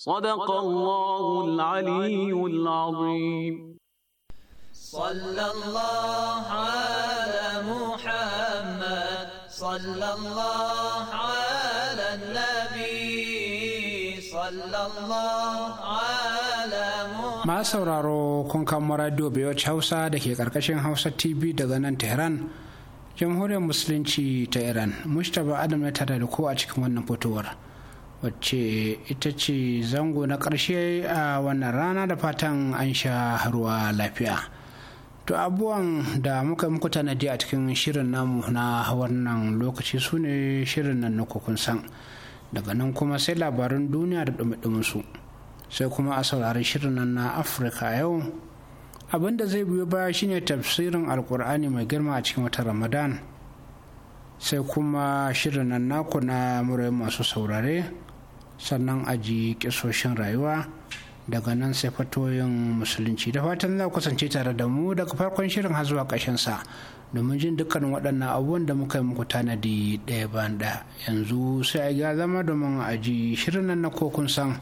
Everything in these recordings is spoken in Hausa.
صدق الله العلي العظيم صلى الله على محمد صلى الله على النبي صلى الله على محمد sauraro kun kamo Hausa da ke karkashin Hausa TV daga nan Tehran jamhuriyar musulunci ta Iran Mustapha Adam ya tare da ko a cikin wannan fitowar. wacce ita ce zango na ƙarshe a wannan rana da fatan an sha ruwa lafiya to abubuwan da muka muku tanadi a cikin shirin namu na wannan lokaci su ne shirin nan na kun san daga nan kuma sai labarin duniya da dumi su sai kuma a saurari shirin nan na afirka yau Abin da zai biyo baya shine tafsirin alkur'ani mai girma a cikin watan ramadan sai kuma shirin nan naku na murai masu saurare sannan a ji kisoshin rayuwa daga nan sai fatoyin musulunci da fatan za kusance tare da mu daga farkon shirin har zuwa sa domin jin dukkan waɗannan abubuwan da muka yi muku tanadi ɗaya bayan ɗaya yanzu sai a ga zama domin a ji shirin nan na kokun san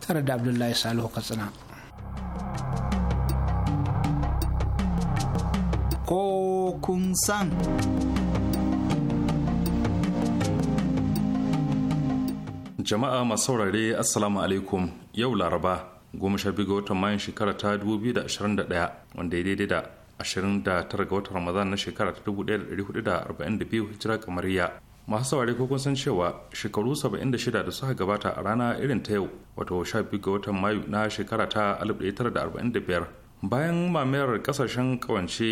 tare da abdullahi salihu katsina kokun san jama'a masu saurare assalamu alaikum yau laraba goma sha biyu ga watan mayan shekara ta 2021 wanda ya daidai da 29 ga watan ramadan na shekara ta 1442 hijira kamariya masu saurare ko kun san cewa shekaru 76 da suka gabata a rana irin ta yau wato 12 ga watan mayu na shekara ta 1945 bayan mamayar kasashen kawance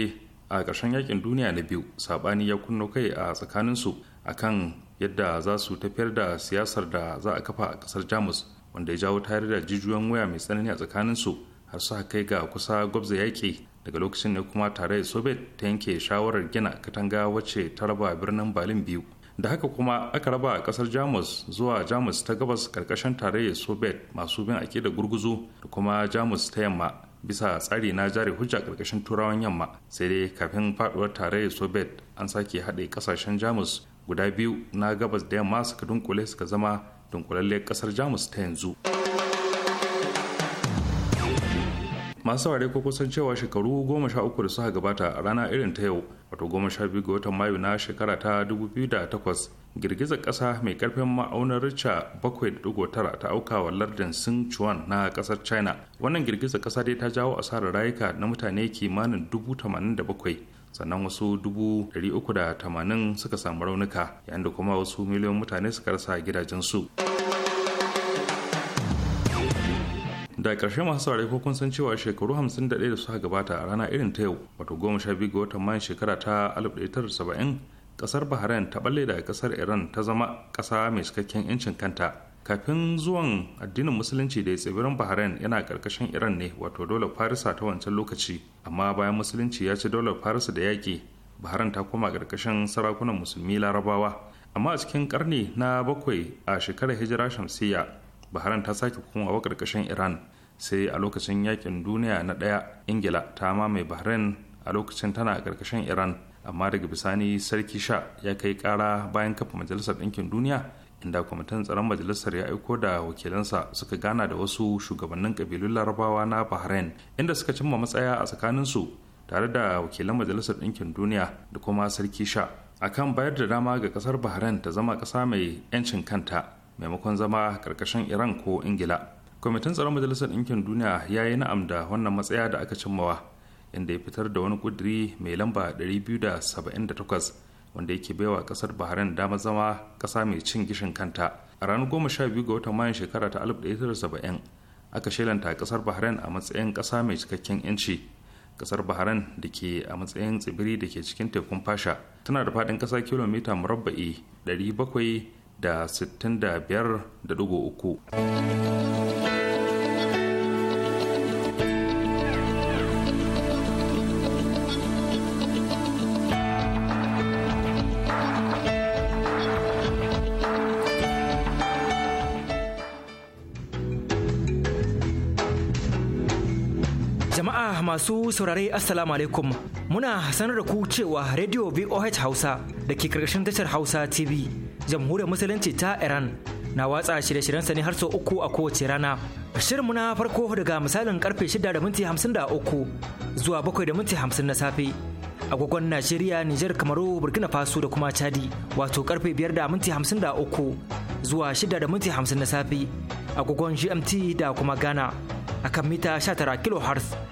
a ƙarshen yakin duniya na biyu sabani ya kunno kai a tsakaninsu akan yadda za su tafiyar da siyasar da za a kafa a kasar jamus wanda ya jawo tare da jijiyoyin waya mai tsanani a tsakanin su har su kai ga kusa gwabza yaƙi daga lokacin ne kuma tare soviet ta yanke shawarar gina katanga wacce ta raba birnin berlin biyu da haka kuma aka raba kasar jamus zuwa jamus ta gabas karkashin tarayyar soviet masu bin ake da gurguzu da kuma jamus ta yamma bisa tsari na jari hujja karkashin turawan yamma sai dai kafin faduwar tarayyar soviet an sake haɗe kasashen jamus guda biyu na gabas da yamma suka dunkule suka zama dunkulalle kasar jamus ta yanzu masu saurari ko kusan cewa shekaru goma sha uku da suka gabata a rana irin ta yau wato goma sha biyu ga watan mayu na shekara ta dubu biyu da takwas girgizar kasa mai karfin ma'aunar richa tara ta auka wa lardin chuan na ƙasar China. Wannan girgizar ƙasa dai ta jawo asarar rayuka na mutane kimanin dubu tamanin da bakwai. sannan wasu dubu uku da tamanin suka samu raunuka yayin da kuma wasu miliyan mutane suka rasa gidajensu da ƙarshe masu saurari ko kun san cewa shekaru 51 da suka gabata a rana irin ta yau wato goma sha biyu ga watan mayan shekara ta 1970 ƙasar bahrain ta balle daga kasar iran ta zama ƙasa mai cikakken 'yancin kanta kafin zuwan addinin musulunci da tsibirin bahrain yana karkashin iran ne wato dole farisa ta wancan lokaci amma bayan musulunci ya ci dole farisa da yaƙi bahrain ta koma karkashin sarakunan musulmi larabawa amma a cikin karni na bakwai a shekarar hijira shamsiyya bahrain ta sake komawa karkashin iran sai a lokacin yakin duniya na ɗaya ingila ta mamaye bahrain a lokacin tana karkashin iran amma daga bisani sarki sha ya kai kara bayan kafa majalisar ɗinkin duniya inda kwamitin tsaron majalisar ya aiko da wakilansa suka gana da wasu shugabannin kabilun larabawa na bahrain inda suka cimma matsaya a tsakaninsu tare da wakilan majalisar ɗinkin duniya da kuma sarki sha akan bayar da dama ga ƙasar bahrain ta zama ƙasa mai 'yancin kanta maimakon zama ƙarƙashin iran ko ingila kwamitin tsaron majalisar ɗinkin duniya ya yi na'am da wannan matsaya da aka cimmawa inda ya fitar da wani ƙudiri mai lamba 278 wanda yake baiwa kasar bahrain dama zama kasa mai cin gishin kanta a ranar goma sha biyu ga watan mayan shekara ta 1970 aka shelanta kasar bahrain a matsayin kasa mai cikakken yanci kasar bahrain da ke a matsayin tsibiri da ke cikin tekun fasha tana da faɗin ƙasa kilomita murabba'i da 765.3 masu saurare Assalamu alaikum muna sanar da ku cewa Radio VOH Hausa da ke karkashin tashar Hausa TV jamhuriyar musulunci ta Iran na watsa shirye-shiryen sani ne har sau uku a kowace rana. Shirin muna farko daga misalin karfe shida da minti hamsin da uku zuwa bakwai da minti hamsin na safe. agogon Najeriya, Nijar, Kamaru, Burkina Faso da kuma Chadi wato karfe 5:53 da minti zuwa 6:50 da minti na safe agogon GMT da kuma Ghana akan mita 19 kHz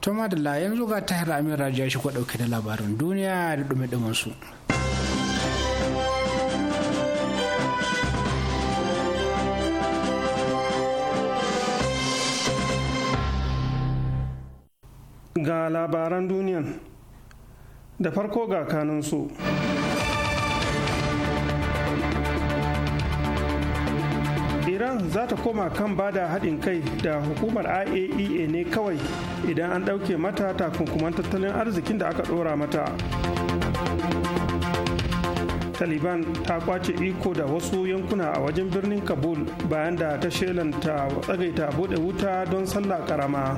to madalla yanzu ga tahir amin rajiya shi kwa dauke da labarin duniya da dumi su. ga labaran duniyan da farko ga kanunsu. su iran za ta koma kan bada haɗin kai da hukumar iaea e ne kawai idan an ɗauke mata takunkuman tattalin arzikin da aka ɗora mata taliban ta kwace iko da wasu yankuna a wajen birnin kabul bayan da ta shelanta tsagaita bude wuta don sallah karama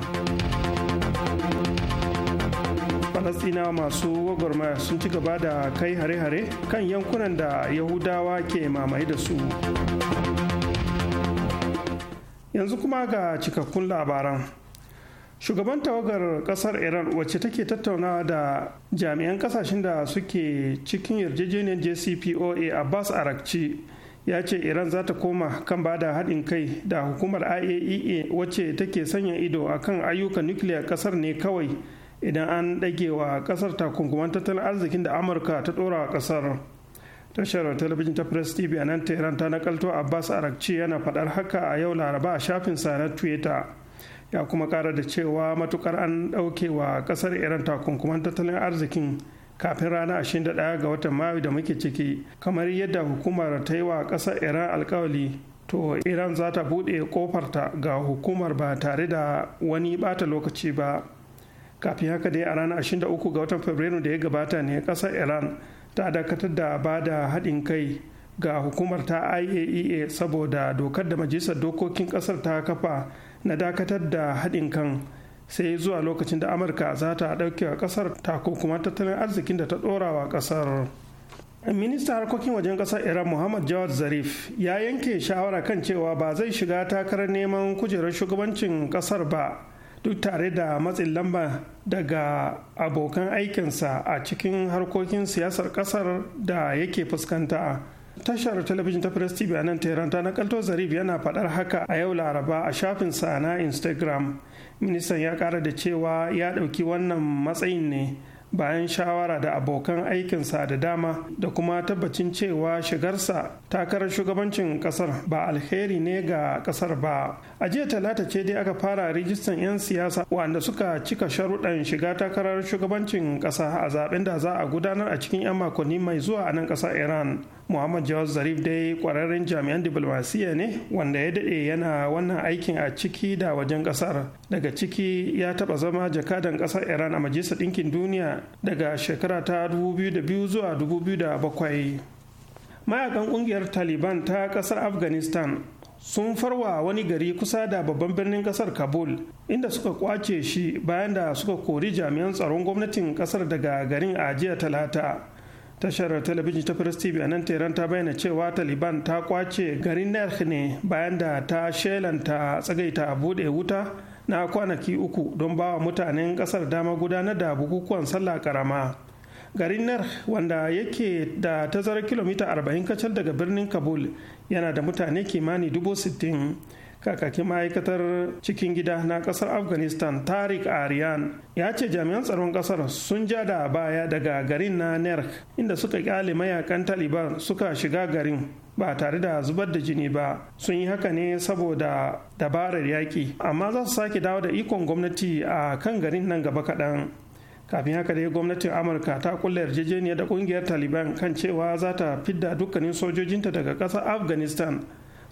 falastinawa masu gwagwarmaya sun ci gaba da kai hare-hare kan yankunan da yahudawa ke mamaye da su yanzu kuma ga cikakkun labaran shugaban tawagar kasar iran wacce take tattaunawa da jami'an kasashen da suke cikin yarjejeniyar jcpoa abbas arakci ya ce iran za ta koma kan ba da haɗin kai da hukumar iaea e wacce take sanya ido a kan ayyukan nukiliya kasar ne kawai idan an ɗage wa kasar takunkuman tattalin arzikin da amurka ta ɗora a kasar tashar talabijin ta press tv a nan tehran ta nakalto abbas arakci yana fadar haka a yau laraba a sa na twitter ya kuma kara da cewa matukar an dauke wa kasar iran takunkuman tattalin arzikin kafin rana 21 ga watan mayu da muke ciki kamar yadda hukumar ta yi wa kasar iran alkawali to iran za ta buɗe kofarta ga hukumar ba tare da wani bata lokaci ba kafin haka dai a ranar 23 ga watan fabrairu da ya gabata ne kasar iran ta dakatar da ba da haɗin kai ga hukumar ta iaea e saboda dokar da majalisar dokokin ƙasar ta kafa na dakatar da haɗin kan sai zuwa lokacin da amurka za ta kasar ta ko kuma tattalin arzikin da ta ɗora wa ƙasar ministan harkokin wajen ƙasar iran muhammad jawad zarif ya yanke shawara kan cewa ba zai shiga takarar neman kujerar shugabancin ƙasar ba duk tare da matsin lamba daga abokan aikinsa a cikin harkokin siyasar kasar da yake fuskanta tashar talabijin ta press tv a nan tehran ta nakalto zarif yana faɗar haka a yau laraba a shafin na instagram ministan ya ƙara da cewa ya ɗauki wannan matsayin ne bayan shawara da abokan aikinsa da dama da kuma tabbacin cewa shigarsa takarar shugabancin kasar ba alheri ne ga kasar ba a jiya talata ce dai aka fara rijistan 'yan siyasa wanda suka cika sharuɗan shiga takarar shugabancin ƙasa a zaben da za a gudanar a cikin 'yan makonni mai zuwa a nan kasar iran muhammad jawad zarif dai kwararren jami'an diplomasiya ne wanda ya dade yana wannan aikin a ciki da wajen kasar daga ciki ya taba zama jakadan kasar iran a majalisar ɗinkin duniya daga shekara ta 2002 zuwa 2007 mayakan kungiyar taliban ta kasar afghanistan sun farwa wani gari kusa da babban birnin kasar kabul inda suka kwace shi bayan da suka kori jami'an tsaron gwamnatin kasar daga garin a jiya talata tashar talabijin ta first tv a nan teran ta bayyana cewa taliban ta kwace garin nerh ne bayan da ta shelanta tsagaita a bude wuta na kwanaki uku don ba wa mutanen kasar dama gudanar da bukukuwan sallah karama garin nar wanda yake da tazarar kilomita 40 kacal daga birnin kabul yana da mutane kimani dubu sittin kakakin ma'aikatar cikin gida na kasar afghanistan tarik aryan ya ce jami'an tsaron kasar sun ja da baya daga garin na nerk inda suka kyale mayakan taliban suka shiga garin ba tare da zubar da jini ba sun yi haka ne saboda dabarar yaƙi amma za su sake dawo da ikon gwamnati a kan garin nan gaba kaɗan kafin haka dai gwamnatin amurka ta kulle yarjejeniya da ƙungiyar taliban kan cewa za ta fidda dukkanin sojojinta daga ƙasar afghanistan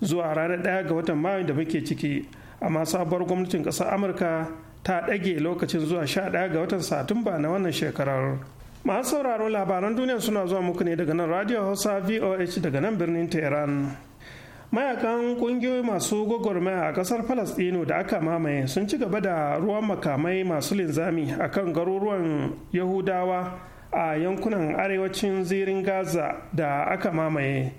zuwa ranar ɗaya ga watan mayu da muke ciki amma sabuwar gwamnatin ƙasar amurka ta ɗage lokacin zuwa sha ɗaya ga watan satumba na wannan shekarar masu sauraro labaran duniya suna zuwa muku ne daga nan radio hausa voh daga nan birnin tehran mayakan ƙungiyoyi masu gwagwarmaya a ƙasar palestino da aka mamaye sun ci gaba da ruwan makamai masu linzami a kan garuruwan yahudawa a yankunan arewacin zirin gaza da aka mamaye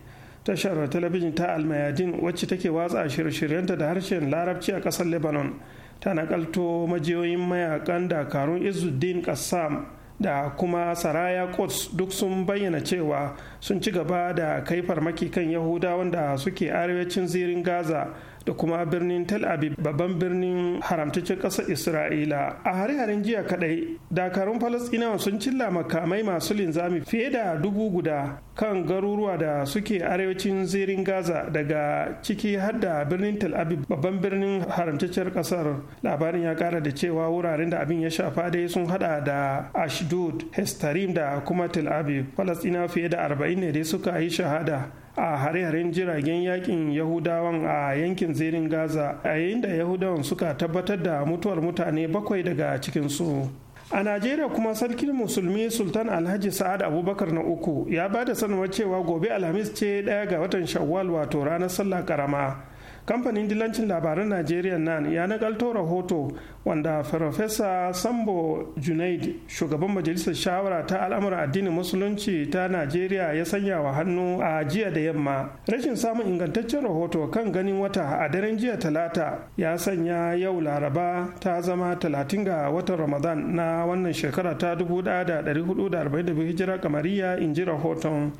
tashar talabijin ta almayadin wacce take watsa shirye-shiryenta da harshen larabci a ƙasar lebanon ta nakalto majiyoyin mayakan dakarun izuddin kassam da kuma saraya quds duk sun bayyana cewa sun ci gaba da kai farmaki kan yahudawan da suke arewacin zirin gaza da kuma birnin tel aviv babban birnin haramtaccen kasar isra'ila a hare-haren jiya kadai dakarun falasɗinawa sun cilla makamai masu linzami fiye da dubu guda kan garuruwa da suke arewacin zirin gaza daga ciki har da birnin tel aviv babban birnin haramtaccen kasar labarin ya kara da cewa wuraren da abin ya shafa dai sun hada da ashdod hestarim da kuma tel aviv falasɗinawa fiye da arba'in ne dai suka yi shahada a hare-haren jiragen yakin yahudawan a yankin zirin gaza a yayin da yahudawan suka tabbatar da mutuwar mutane bakwai daga cikinsu a najeriya kuma sarkin musulmi sultan alhaji sa'ad abubakar na uku ya ba da sanarwar cewa gobe alhamis ce daya ga watan shawwal wato ranar sallah karama kamfanin dilancin labaran najeriya nan ya nakalto rahoto wanda farfesa sambo junaid shugaban majalisar shawara ta al'amuran addinin musulunci ta najeriya ya sanya wa hannu a jiya da yamma rashin samun ingantaccen rahoto kan ganin wata a daren jiya talata ya sanya yau laraba ta zama talatin ga watan ramadan na wannan shekara ta 1442 hijira kamariya in ji rahoton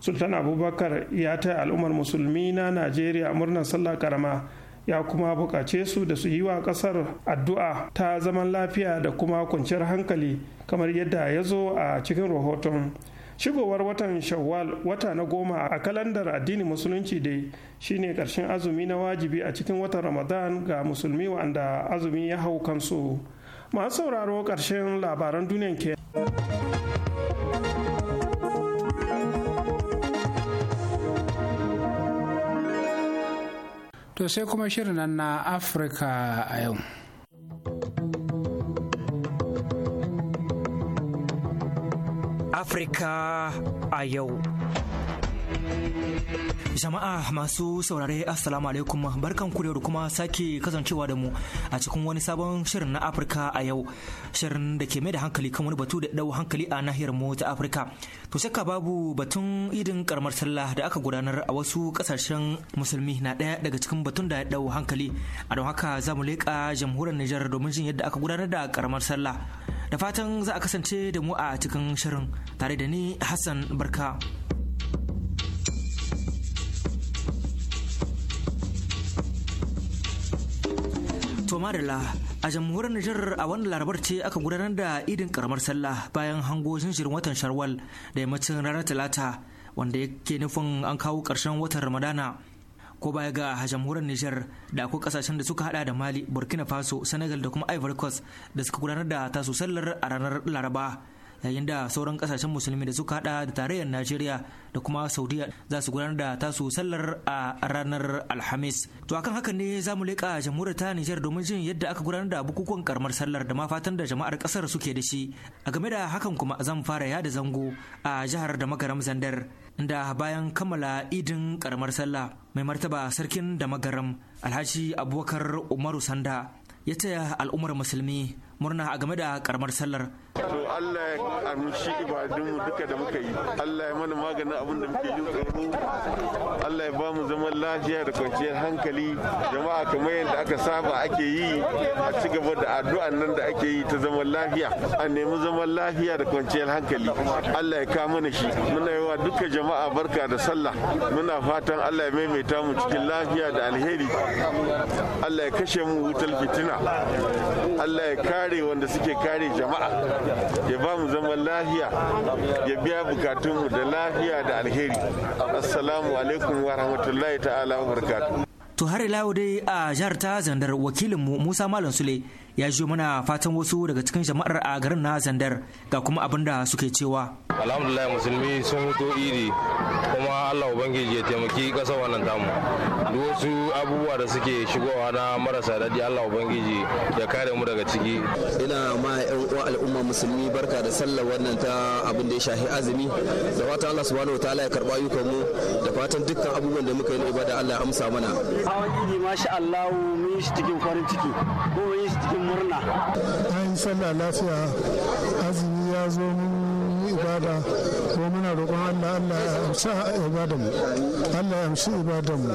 sultan abubakar ya taya al'ummar musulmi na najeriya murnar sallah karama ya kuma buƙace su da su yi wa ƙasar addu'a ta zaman lafiya da kuma kwanciyar hankali kamar yadda ya zo a cikin rahoton shigowar watan shawwal wata na goma a kalandar addini musulunci dai shine ƙarshen azumi na wajibi a cikin watan ramadan ga musulmi wanda azumi ya hau kansu masu sauraro karshen labaran duniyan ke to sai kuma shirin nan na afirka a yau afirka a yau Jama'a masu saurare Assalamu alaikum barkan ku kuma sake kasancewa da mu a cikin wani sabon shirin na Afirka a yau shirin da ke mai da hankali kan wani batu da dau hankali a nahiyar mu ta Afirka to shakka babu batun idin karamar sallah da aka gudanar a wasu kasashen musulmi na daya daga cikin batun da ya dau hankali a don haka za mu leƙa jamhuriyar Nijar domin jin yadda aka gudanar da karamar sallah da fatan za a kasance da mu a cikin shirin tare da ni Hassan Barka. marila a jamhuriyar Nijar a wani larabar ce aka gudanar da idin karamar sallah bayan hango shirin watan Sharwal da yammacin ranar Talata wanda yake nufin an kawo ƙarshen watan Ramadana ko baya ga a jamhuriyar Nijar da akwai ƙasashen da suka hada da Mali, Burkina Faso, Senegal da kuma Ivory Coast da suka gudanar da tasu sallar a ranar Laraba yayin da sauran kasashen musulmi da suka hada da tarayyar najeriya da kuma saudiya za su gudanar da tasu sallar a ranar alhamis to akan haka ne za mu leƙa jamhuriyar ta nijar domin jin yadda aka gudanar da bukukuwan karamar sallar da ma fatan da jama'ar kasar suke da shi a game da hakan kuma zan fara yada zango a jihar da magaram zandar da bayan kammala idin karamar sallah mai martaba sarkin da magaram alhaji abubakar umaru sanda ya taya al'ummar musulmi murna a game da karamar sallar. To Allah ya amshi ibadunmu duka da muka yi. Allah ya mana maganin abin da muke yi tsoro. Allah ya ba mu zaman lafiya da kwanciyar hankali. Jama'a kamar yadda aka saba ake yi a ci gaba da addu'an nan da ake yi ta zaman lafiya. A nemi zaman lafiya da kwanciyar hankali. Allah ya ka mana shi. Muna yi wa duka jama'a barka da sallah. Muna fatan Allah ya maimaita mu cikin lafiya da alheri. Allah ya kashe mu wutar fitina. Allah ya kare kare wanda suke kare jama'a ya ba mu zaman lafiya ya biya bukatunmu da lafiya da alheri assalamu alaikum wa rahmatullahi ta'ala wa barakatuh to har ila dai a jihar ta zandar wakilinmu musa malam sule ya ji mana fatan wasu daga cikin jama'ar a garin na zandar ga kuma abin da suke cewa alhamdulillah musulmi sun fito iri kuma allah ubangiji ya taimaki ƙasar wannan tamu duk wasu abubuwa da suke shigowa na marasa daɗi allah ubangiji ya kare mu daga ciki ina ma yan uwa al'umma musulmi barka da sallar wannan ta abin da ya shafi azumi da fatan allah subhanahu wataala ya karɓa ayyukan mu da fatan dukkan abubuwan da muka yi na ibada allah ya amsa mana hawan iri masha allahu mun yi shi cikin farin ciki ko yi cikin murna an sallah lafiya azumi ya zo mun ibada ko muna roƙon Allah Allah ya amsa ibada mu Allah ya amsa ibada mu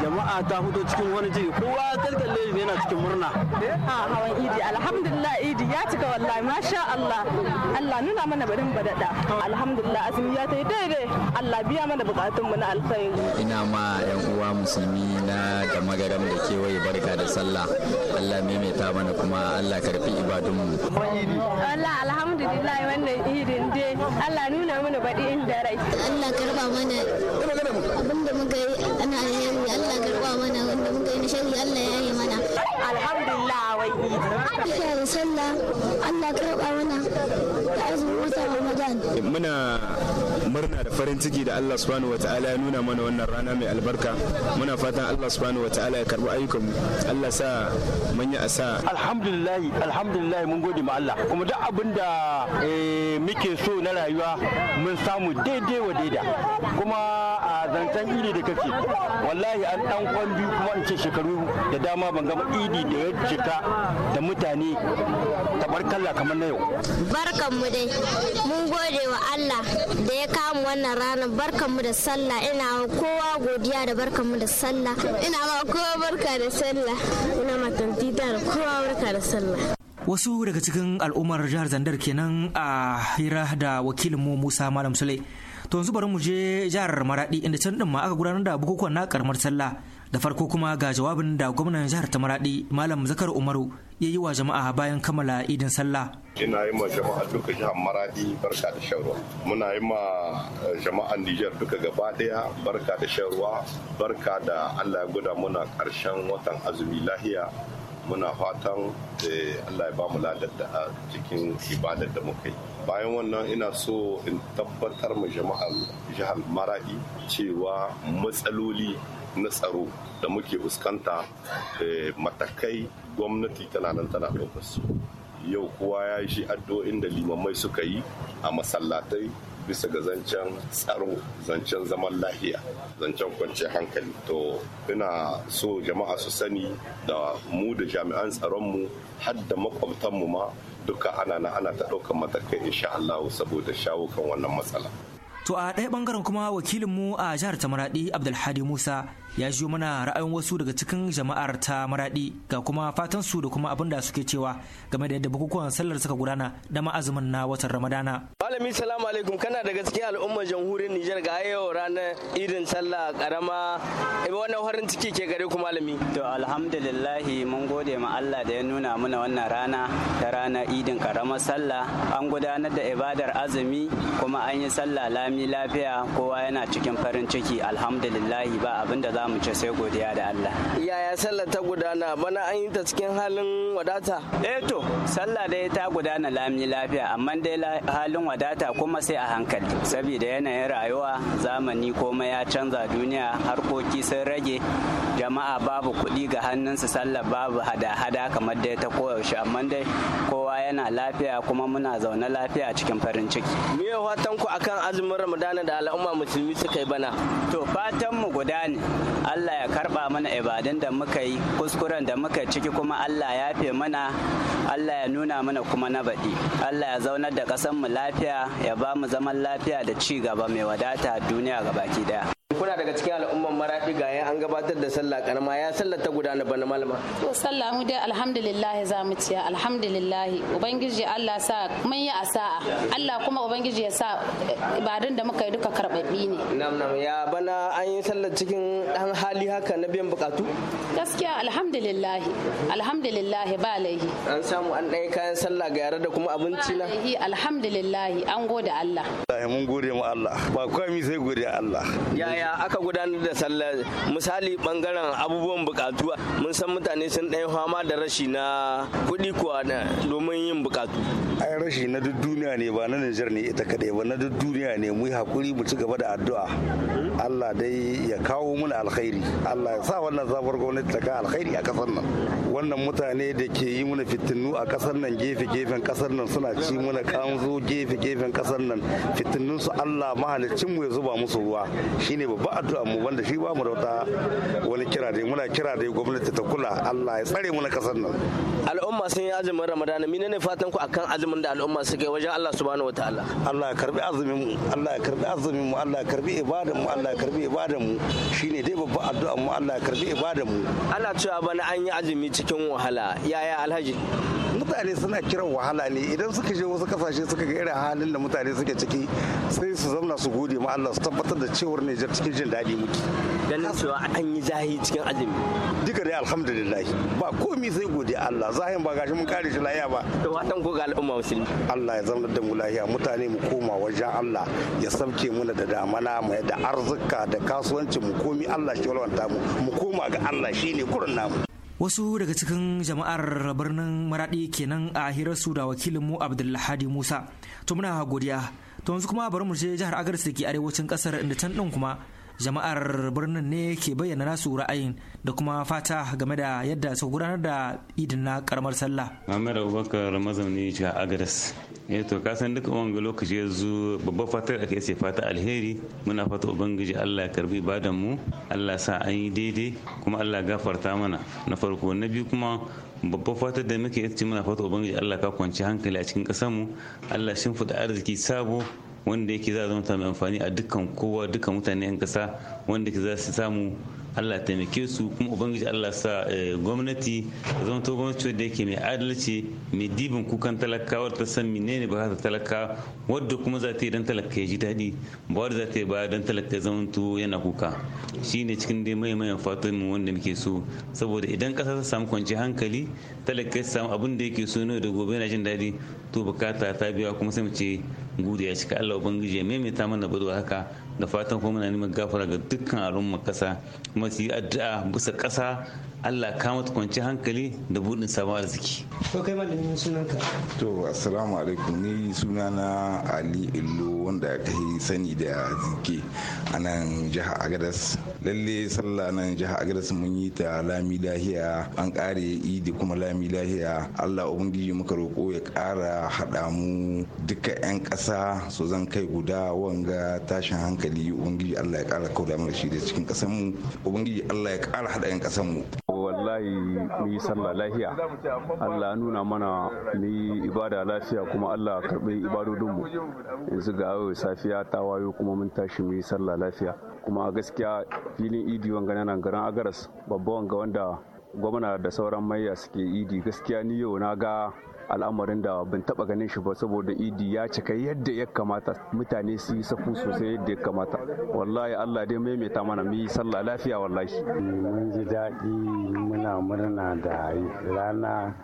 jama'a ta hudu cikin wani jiri kowa kalkalle yana cikin murna a ah, hawan idi alhamdulillah idi ya cika wallahi masha Allah Allah nuna mana barin badada alhamdulillah azumi ya tayi daidai Allah biya mana bukatun mu na alkhairi ina ma yan uwa musulmi na da magaram da kewaye barka da sallah Allah maimaita mana kuma Allah karfi ibadunmu Allah alhamdulillah wannan idin dai Allah nuna mana baɗi inda rai. Allah karba mana abinda muka yi ana alheri Allah karba mana wanda muka yi na shari Allah ya yi mana. Alhamdulillah wai. Aisha da sallah Allah karba mana da azumin wata Ramadan. Muna murna da farin ciki da Allah subhanahu wataala ya nuna mana wannan rana mai albarka muna fatan Allah subhanahu wataala ya karbi ayyukan Allah sa manya a sa alhamdulillah alhamdulillah mun gode ma Allah kuma duk abinda eh, muke so na rayuwa mun samu daidai wa daida kuma a zancen idi da kake wallahi an dan kwambi kuma in ce shekaru da dama ban gama idi da ya jika da mutane tabarkalla kamar na yau barkan mu dai mun gode wa Allah da ya kawo ba mu wannan rana mu da sallah ina kowa godiya da mu da sallah ina ma kowa barka da sallah ina ma tantita da kowa barka da sallah wasu daga cikin al'ummar jihar zandar kenan a hira da wakilinmu musa malam sule to yanzu bari mu je jihar maradi inda can din ma aka gudanar da bukukuwan na karamar sallah da farko kuma ga jawabin da gwamnan jihar ta maradi malam zakar umaru ya yi wa jama'a bayan kammala idin sallah ina yi ma jama'a duka jihar maradi barka da shan muna yi ma eh, jama'an nijar duka gaba daya barka da shan barka da allah ya guda muna karshen watan azumi lahiya muna fatan eh, allah ya ba mu ladar da ah, cikin ibadar da muka yi bayan wannan ina so in tabbatar ma jama'ar jihar maradi cewa matsaloli na tsaro da muke fuskanta eh, matakai gwamnati tana nan tana ɗaukar yau kowa ya yi shi addu'o'in da limamai suka yi a masallatai bisa ga zancen tsaro zancen zaman lahiya zancen kwanciyar hankali to ina so jama'a su sani da mu da jami'an tsaron mu, har da mu ma duka ana na ana ta ɗaukar matakai insha Allah saboda shawo kan wannan matsala to a ɗaya ɓangaren kuma wakilinmu a jihar tamaraɗi abdulhadi musa ya siyo mana ra'ayin wasu daga cikin jama'ar ta maradi ga kuma fatan su da kuma abin da suke cewa game da yadda bukukuwan sallar suka gudana da ma'azumin na watan ramadana malami salamu alaikum kana daga cikin al'ummar jamhuriyar nijar ga yau ranar idin sallah karama ibi wannan farin ciki ke gare ku malami to alhamdulillah mun gode ma Allah da ya nuna mana wannan rana ta rana idin karama sallah an gudanar da ibadar azumi kuma an yi sallah lami lafiya kowa yana cikin farin ciki alhamdulillah ba abin da za mu ce sai godiya da Allah. Yaya sallar ta gudana bana an yi ta cikin halin wadata? Eh to, sallah dai ta gudana lami lafiya amma dai halin wadata kuma sai a hankali. Saboda yanayin rayuwa zamani komai ya canza duniya harkoki sun rage jama'a babu kuɗi ga hannunsu sallah babu hada-hada kamar dai ta koyaushe amma dai kowa yana lafiya kuma muna zaune lafiya cikin farin ciki. Me fatan ku akan azumin Ramadana da al'umma musulmi suka yi bana? To fatan mu guda ne Allah ya karba mana ibadan da muka yi kuskuren da muka ciki kuma Allah ya fe mana Allah ya nuna mana kuma na baɗi Allah ya zaunar da ƙasanmu lafiya ya ba mu zaman lafiya da ci gaba mai wadata duniya ga baki daya kuna daga cikin al'umman maraɗi ga an gabatar da sallah karama ya sallar ta gudana bana malama to sallah mu dai alhamdulillah za mu ciya alhamdulillah ubangiji Allah sa mun yi asa'a Allah kuma ubangiji ya sa ibadun da muka yi duka karbabbi ne nam nam ya bana an yi sallar cikin dan hali haka na biyan bukatu gaskiya alhamdulillah alhamdulillah ba laihi an samu an dai kayan sallah ga yare da kuma abinci na alhamdulillah an gode Allah mun gode mu Allah ba komai sai gode Allah ya aka gudanar da sallar misali bangaren abubuwan bukatu mun san mutane sun ɗaya fama da rashi na kuɗi kuwa domin yin bukatu ai rashi na duk duniya ne ba na Niger ne ita kadai ba na duk duniya ne mu yi hakuri mu ci gaba da addu'a Allah dai ya kawo mana alkhairi Allah ya sa wannan zafar gwamnati ta ka alkhairi a kasar nan wannan mutane da ke yi mana fitinu a kasar nan gefe gefen kasar nan suna ci mana kanzo gefe gefen kasar nan fitinun su Allah mahalicin mu ya zuba musu ruwa shine ba addu'a mu wanda shi ba mu da wata wani kira dai muna kira dai gwamnati ta kula Allah ya tsare mu na kasar nan al'umma sun yi azumin ramadana mine ne fatan ku akan azumin da al'umma suke wajen Allah subhanahu wataala Allah ya karbi azumin mu Allah ya karbi azumin mu Allah ya karbi ibadan mu Allah ya karbi ibadan mu shine dai babba addu'a mu Allah ya karbi ibadan mu Allah cewa bana an yi azumi cikin wahala yaya alhaji mutane suna kiran wahala ne idan suka je wasu kasashe suka ga irin halin da mutane suke ciki sai su zauna su gode ma Allah su tabbatar da cewar Nijar cikin jin daɗi muke ganin cewa an yi zahi cikin azumi duka dai alhamdulillah ba komi sai gode Allah zahin ba gashi mun kare shi lahiya ba To watan ko ga al'umma musulmi Allah ya zama da mu lahiya mutane mu koma wajen Allah ya sauke muna da damana mu da arzuka da kasuwancin mu komi Allah shi walwanta mu mu koma ga Allah shine kurin namu wasu daga cikin jama'ar birnin maradi kenan a hirarsu da wakilinmu abdullahi musa to muna godiya to yanzu kuma bari mu je jihar agadez da ke arewacin kasar inda can din kuma jama'ar birnin ne ke bayyana nasu ra'ayin da kuma fata game da yadda su gudanar da idin na karamar sallah. Muhammad Abubakar mazauni jihar Agadas. Eh to ka san duka wanga lokaci ya zo babbar fatar ake ce fata alheri muna fata ubangiji Allah ya karbi ibadan mu Allah sa an yi daidai kuma Allah gafarta mana na farko na biyu kuma babban fatar da muke ita muna fata ubangiji Allah ka kwanci hankali a cikin ƙasar mu Allah shin fuda arziki sabo wanda yake za a zama mai amfani a dukkan kowa dukkan mutane yan ƙasa wanda ke za su samu Allah ya taimake su kuma ubangiji Allah sa eh, gwamnati zama to gwamnati wadda yake mai adalci mai dibin kukan talakawa ta san menene ba ta talaka wadda kuma za ta yi dan talaka ya ji daɗi ba wadda za ta yi ba dan talaka ya zama to yana kuka Shi ne cikin dai mai mayan fatan mu wanda muke so saboda idan ƙasa ta samu kwanci hankali talaka ya samu abin da yake so ne da gobe yana jin daɗi to bukata ta biya kuma sai mu ce gudu ya cika Allah ubangiji ya maimaita mana budurwa haka da fatan kuma muna neman gafara ga dukkan al'umma kasa kuma su yi addu'a bisa kasa Allah ka mata kwanci hankali da buɗin samu arziki. To kai malamin sunanka. To assalamu alaikum ni sunana Ali Illo wanda aka yi sani da zike a nan jihar Agadas. Lalle sallah nan jihar Agadas mun yi ta lami lahiya an kare idi kuma lami lahiya Allah ubangiji muka roƙo ya ƙara haɗa mu duka 'yan ƙasa su zan kai guda wanga tashin hankali ubangiji Allah ya ƙara kauda da shi da cikin ƙasar mu ubangiji Allah ya ƙara haɗa 'yan ƙasar mu. yi mun sallah lafiya Allah nuna mana ni ibada lafiya kuma Allah karbi ibadodin mu yanzu ga yau safiya ta wayo kuma mun tashi mu yi sallah lafiya kuma a gaskiya filin idi wanga nan garin agaras babba wanga wanda gwamna da sauran mayya suke idi gaskiya ni yau na ga al'amarin da ban taba ganin shi ba saboda idi ya cika yadda ya kamata mutane su yi safu sosai yadda ya kamata wallahi Allah dai maimaita mana mu yi sallah lafiya wallahi mun ji daɗi muna murna da rana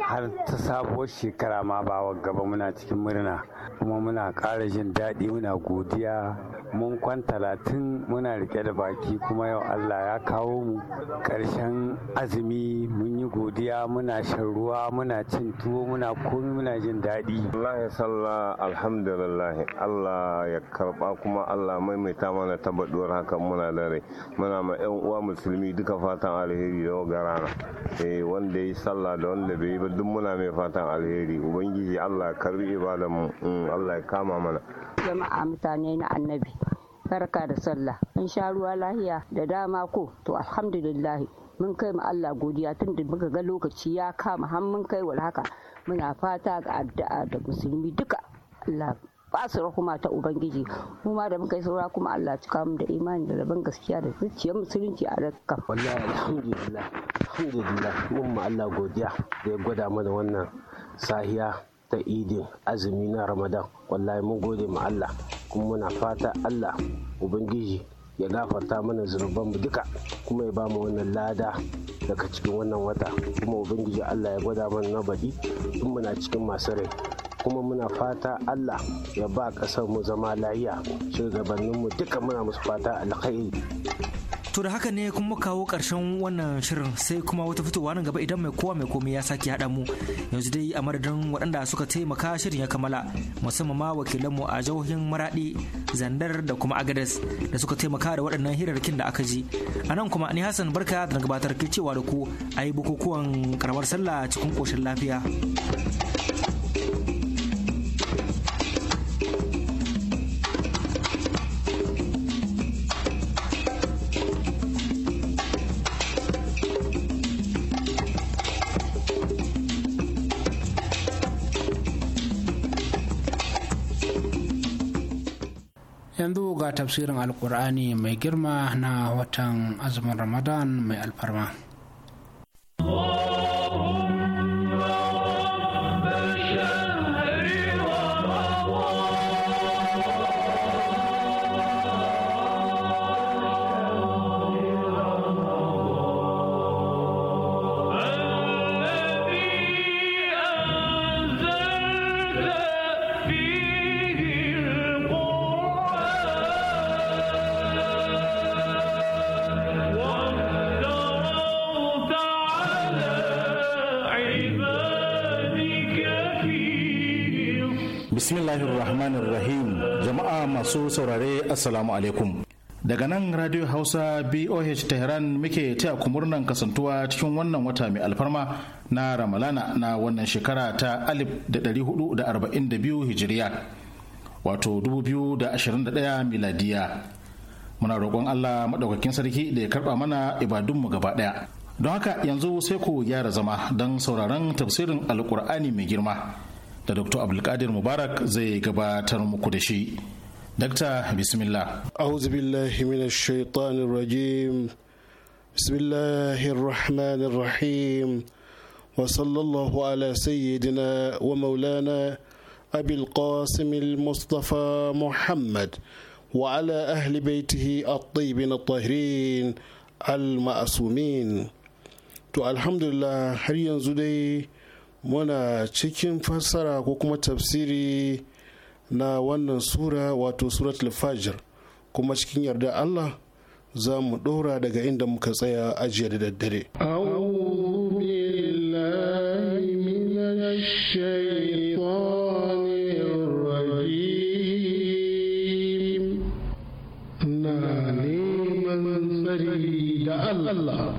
har ta sabuwar shekara ma ba wa gaba muna cikin murna kuma muna ƙara jin daɗi muna godiya mun kwan talatin muna rike da baki kuma yau allah ya kawo mu ƙarshen azumi mun yi godiya muna shan ruwa muna cin tuwo muna komi muna jin daɗi allah ya salla alhamdulillah allah ya karɓa kuma allah maimaita mana tabbaduwar hakan muna da rai muna ma 'yan uwa musulmi duka fatan alheri da rana garana eh, wanda ya yi sallah da wanda bai ba muna mai fatan alheri ubangiji allah karbi ibadan mu mm, allah ya kama mana jama'a mutane na annabi barka da sallah in sha ruwa lahiya da dama ko to alhamdulillah mun kai mu Allah godiya tun da muka ga lokaci ya kama har mun kai wal haka muna fata ga addu'a da musulmi duka Allah basu rahuma ta ubangiji kuma da muka yi saura kuma Allah cika mu da imani da rabon gaskiya da zuciyar musulunci a rakka wallahi alhamdulillah alhamdulillah mun ma Allah godiya da ya gwada mana wannan sahiya ta idin azumi na ramadan wallahi mun gode ma Allah kuma muna fata Allah ubangiji ya gafarta mana zunubanmu duka kuma ya bamu wannan lada daga cikin wannan wata kuma ubangiji allah ya gwada mana na baɗi tun muna cikin masu rai kuma muna fata allah ya ba ƙasar mu zama lahiya mu duka muna musu fata alkhairi To da haka ne kuma kawo ƙarshen wannan shirin sai kuma wata fitowa nan gaba idan mai kowa mai komai ya sake haɗa mu yanzu dai a madadin waɗanda suka taimaka shirin ya kammala musamman ma wakilanmu a jihohin Maraɗi, Zandar da kuma Agadez da suka taimaka da waɗannan hirarkin da aka ji. A nan kuma ni Hassan Barka da gabatar ke cewa da ku a yi bukukuwan karamar sallah cikin koshin lafiya. ga tafsirin alkur'ani mai girma na watan azumin ramadan mai alfarma assalamu alaikum daga nan radio hausa boh tehran muke taya ku murnan kasantuwa cikin wannan wata mai alfarma na ramalana na wannan shekara ta 1442 hijiriya wato 2021 miladiya muna roƙon allah maɗaukakin sarki da ya karɓa mana ibadunmu gaba ɗaya don haka yanzu sai ku gyara zama don sauraron tafsirin alƙur'ani mai girma da dr abdulkadir mubarak zai gabatar muku da shi dakta bismillah a'udhu billahi minash shaitanir rajim bismillahir rahmanir rahim wa sallallahu ala sayyidina wa maulana abil qasim al mustafa muhammad wa ala ahli baitihi at-tayyibin at-tahirin al-ma'sumin to alhamdulillah har yanzu dai muna cikin fassara ko kuma tafsiri na wannan sura wato surat fajr kuma cikin yarda Allah za mu ɗora daga inda muka tsaya ajiya da daddare. Allah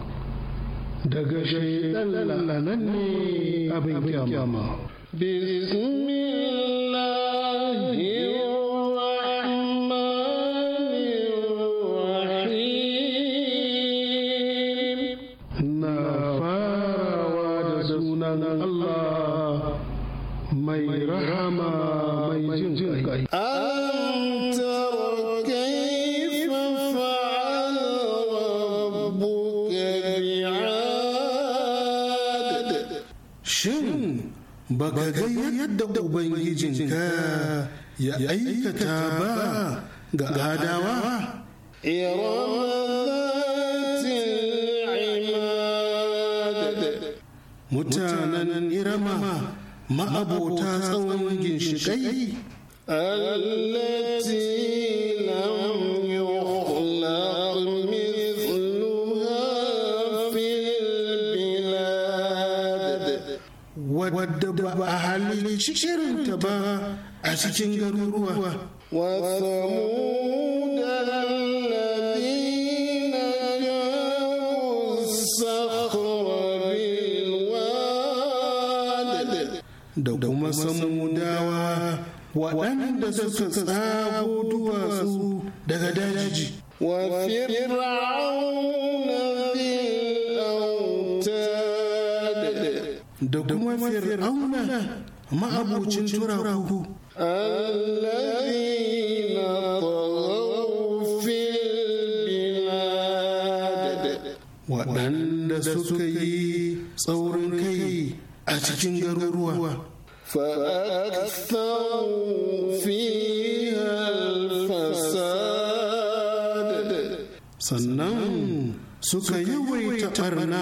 daga shaidan lalanan ne abin kyama. Bismillah ba ga yadda ubangijinka ya aikata ba ga adawa mutanen irama ma'abota tsawon ginshiƙai allati lam wadda ba a halin shirinta ba a cikin garuruwa. وثمود الذين جابوا waɗanda suka tsago duwatsu daga daji wa fir'aun da kuma fir'auna ma'abucin turaku waɗanda suka yi tsaurin kai a cikin garuruwa sannan suka yawaita ɓarna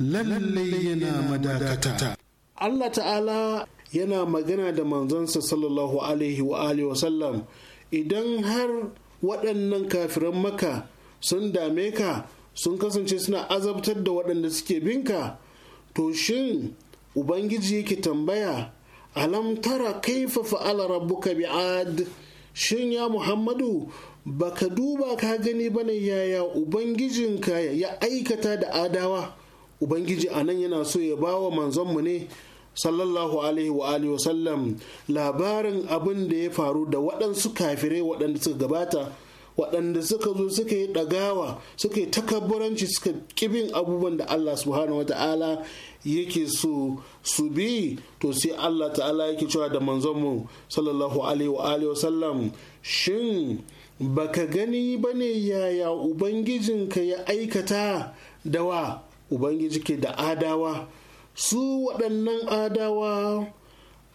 lallai yana madakata Allah ta'ala yana magana da manzansa sallallahu alaihi wa alihi wasallam idan har waɗannan kafiran maka sun dame ka sun kasance suna azabtar da waɗanda suke binka to shin ubangiji yake tambaya alam tara kaifa fa'ala rabbuka bi'ad shin ya muhammadu baka duba ka gani bane yaya ubangijinka ya aikata da adawa ubangiji a nan yana so ya ba wa manzonmu ne sallallahu alaihi wa alihi wa sallam labarin abin da ya faru da waɗansu kafirai waɗanda suka gabata waɗanda suka zo suka yi ɗagawa suka yi takabburanci suka kibin abubuwan da Allah subhanahu ta'ala yake su su bi to sai Allah ta'ala yake cewa da manzonmu sallallahu alaihi wa alihi wa sallam shin baka gani bane yaya ubangijinka ya aikata da wa ubangiji ke da adawa su waɗannan adawa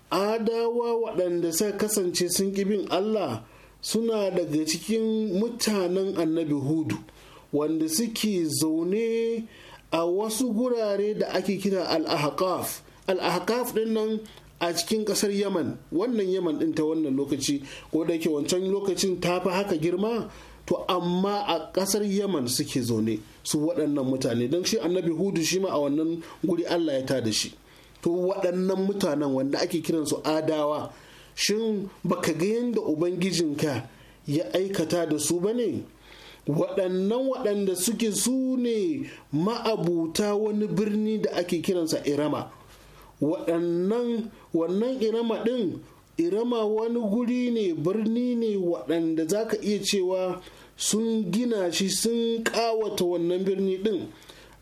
adawa waɗanda suka kasance sun bin allah suna daga cikin mutanen annabi hudu wanda suke zaune a wasu gurare da ake kira al-ahqaf al-ahqaf din nan a cikin ƙasar yaman wannan yaman ɗin ta wannan lokaci ko da yake wancan lokacin ta fi haka girma to amma a ƙasar yaman suke zaune su waɗannan mutane don shi annabi hudu shi ma a wannan guri allah ya ta da shi to waɗannan mutanen wanda ake kiransu adawa shin baka ga yadda ubangijinka ya aikata da su ba ne waɗannan waɗanda suke su ne ma'abuta wani birni da ake kiransa irama waɗannan wannan irama ɗin irama wani guri ne birni ne waɗanda za ka iya cewa sun gina shi sun kawata wannan birni din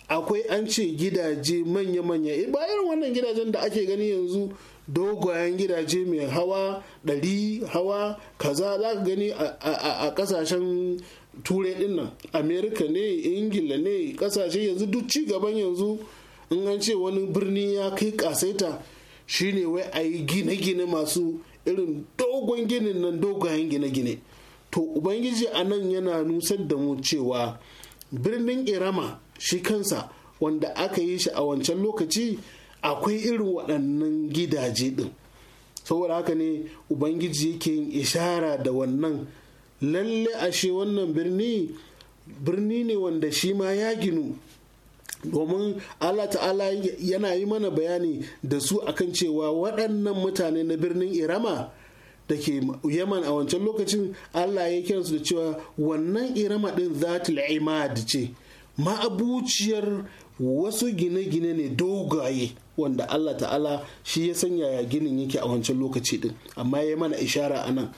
akwai an ce gidaje manya-manya eh, bayan wannan gidajen da ake gani yanzu dogayen gidaje mai hawa ɗari hawa kaza za ka gani a ƙasashen turai din nan amerika ne ingila ne ƙasashe yanzu duk ci gaban yanzu in an ce wani birni ya kai ƙasaita shine wai a yi gine-gine masu irin dogon ginin nan dogayen gine-gine to ubangiji a nan yana nusar da mu cewa birnin irama shi kansa wanda aka yi shi a wancan lokaci akwai irin waɗannan gidaje ɗin saboda haka ne ubangiji yake yin ishara da wannan lalle ashe wannan birni birni ne wanda shi ma ya ginu domin allah ta'ala yana yi mana bayani da su akan cewa waɗannan mutane na birnin irama da ke yaman a wancan lokacin allah ya su da cewa wannan irama din zatul imad ce ma'abuciyar wasu gine-gine ne dogaye wanda allah ta'ala shi ya sanya ya ginin yake a wancan lokaci din amma ya mana ishara a nan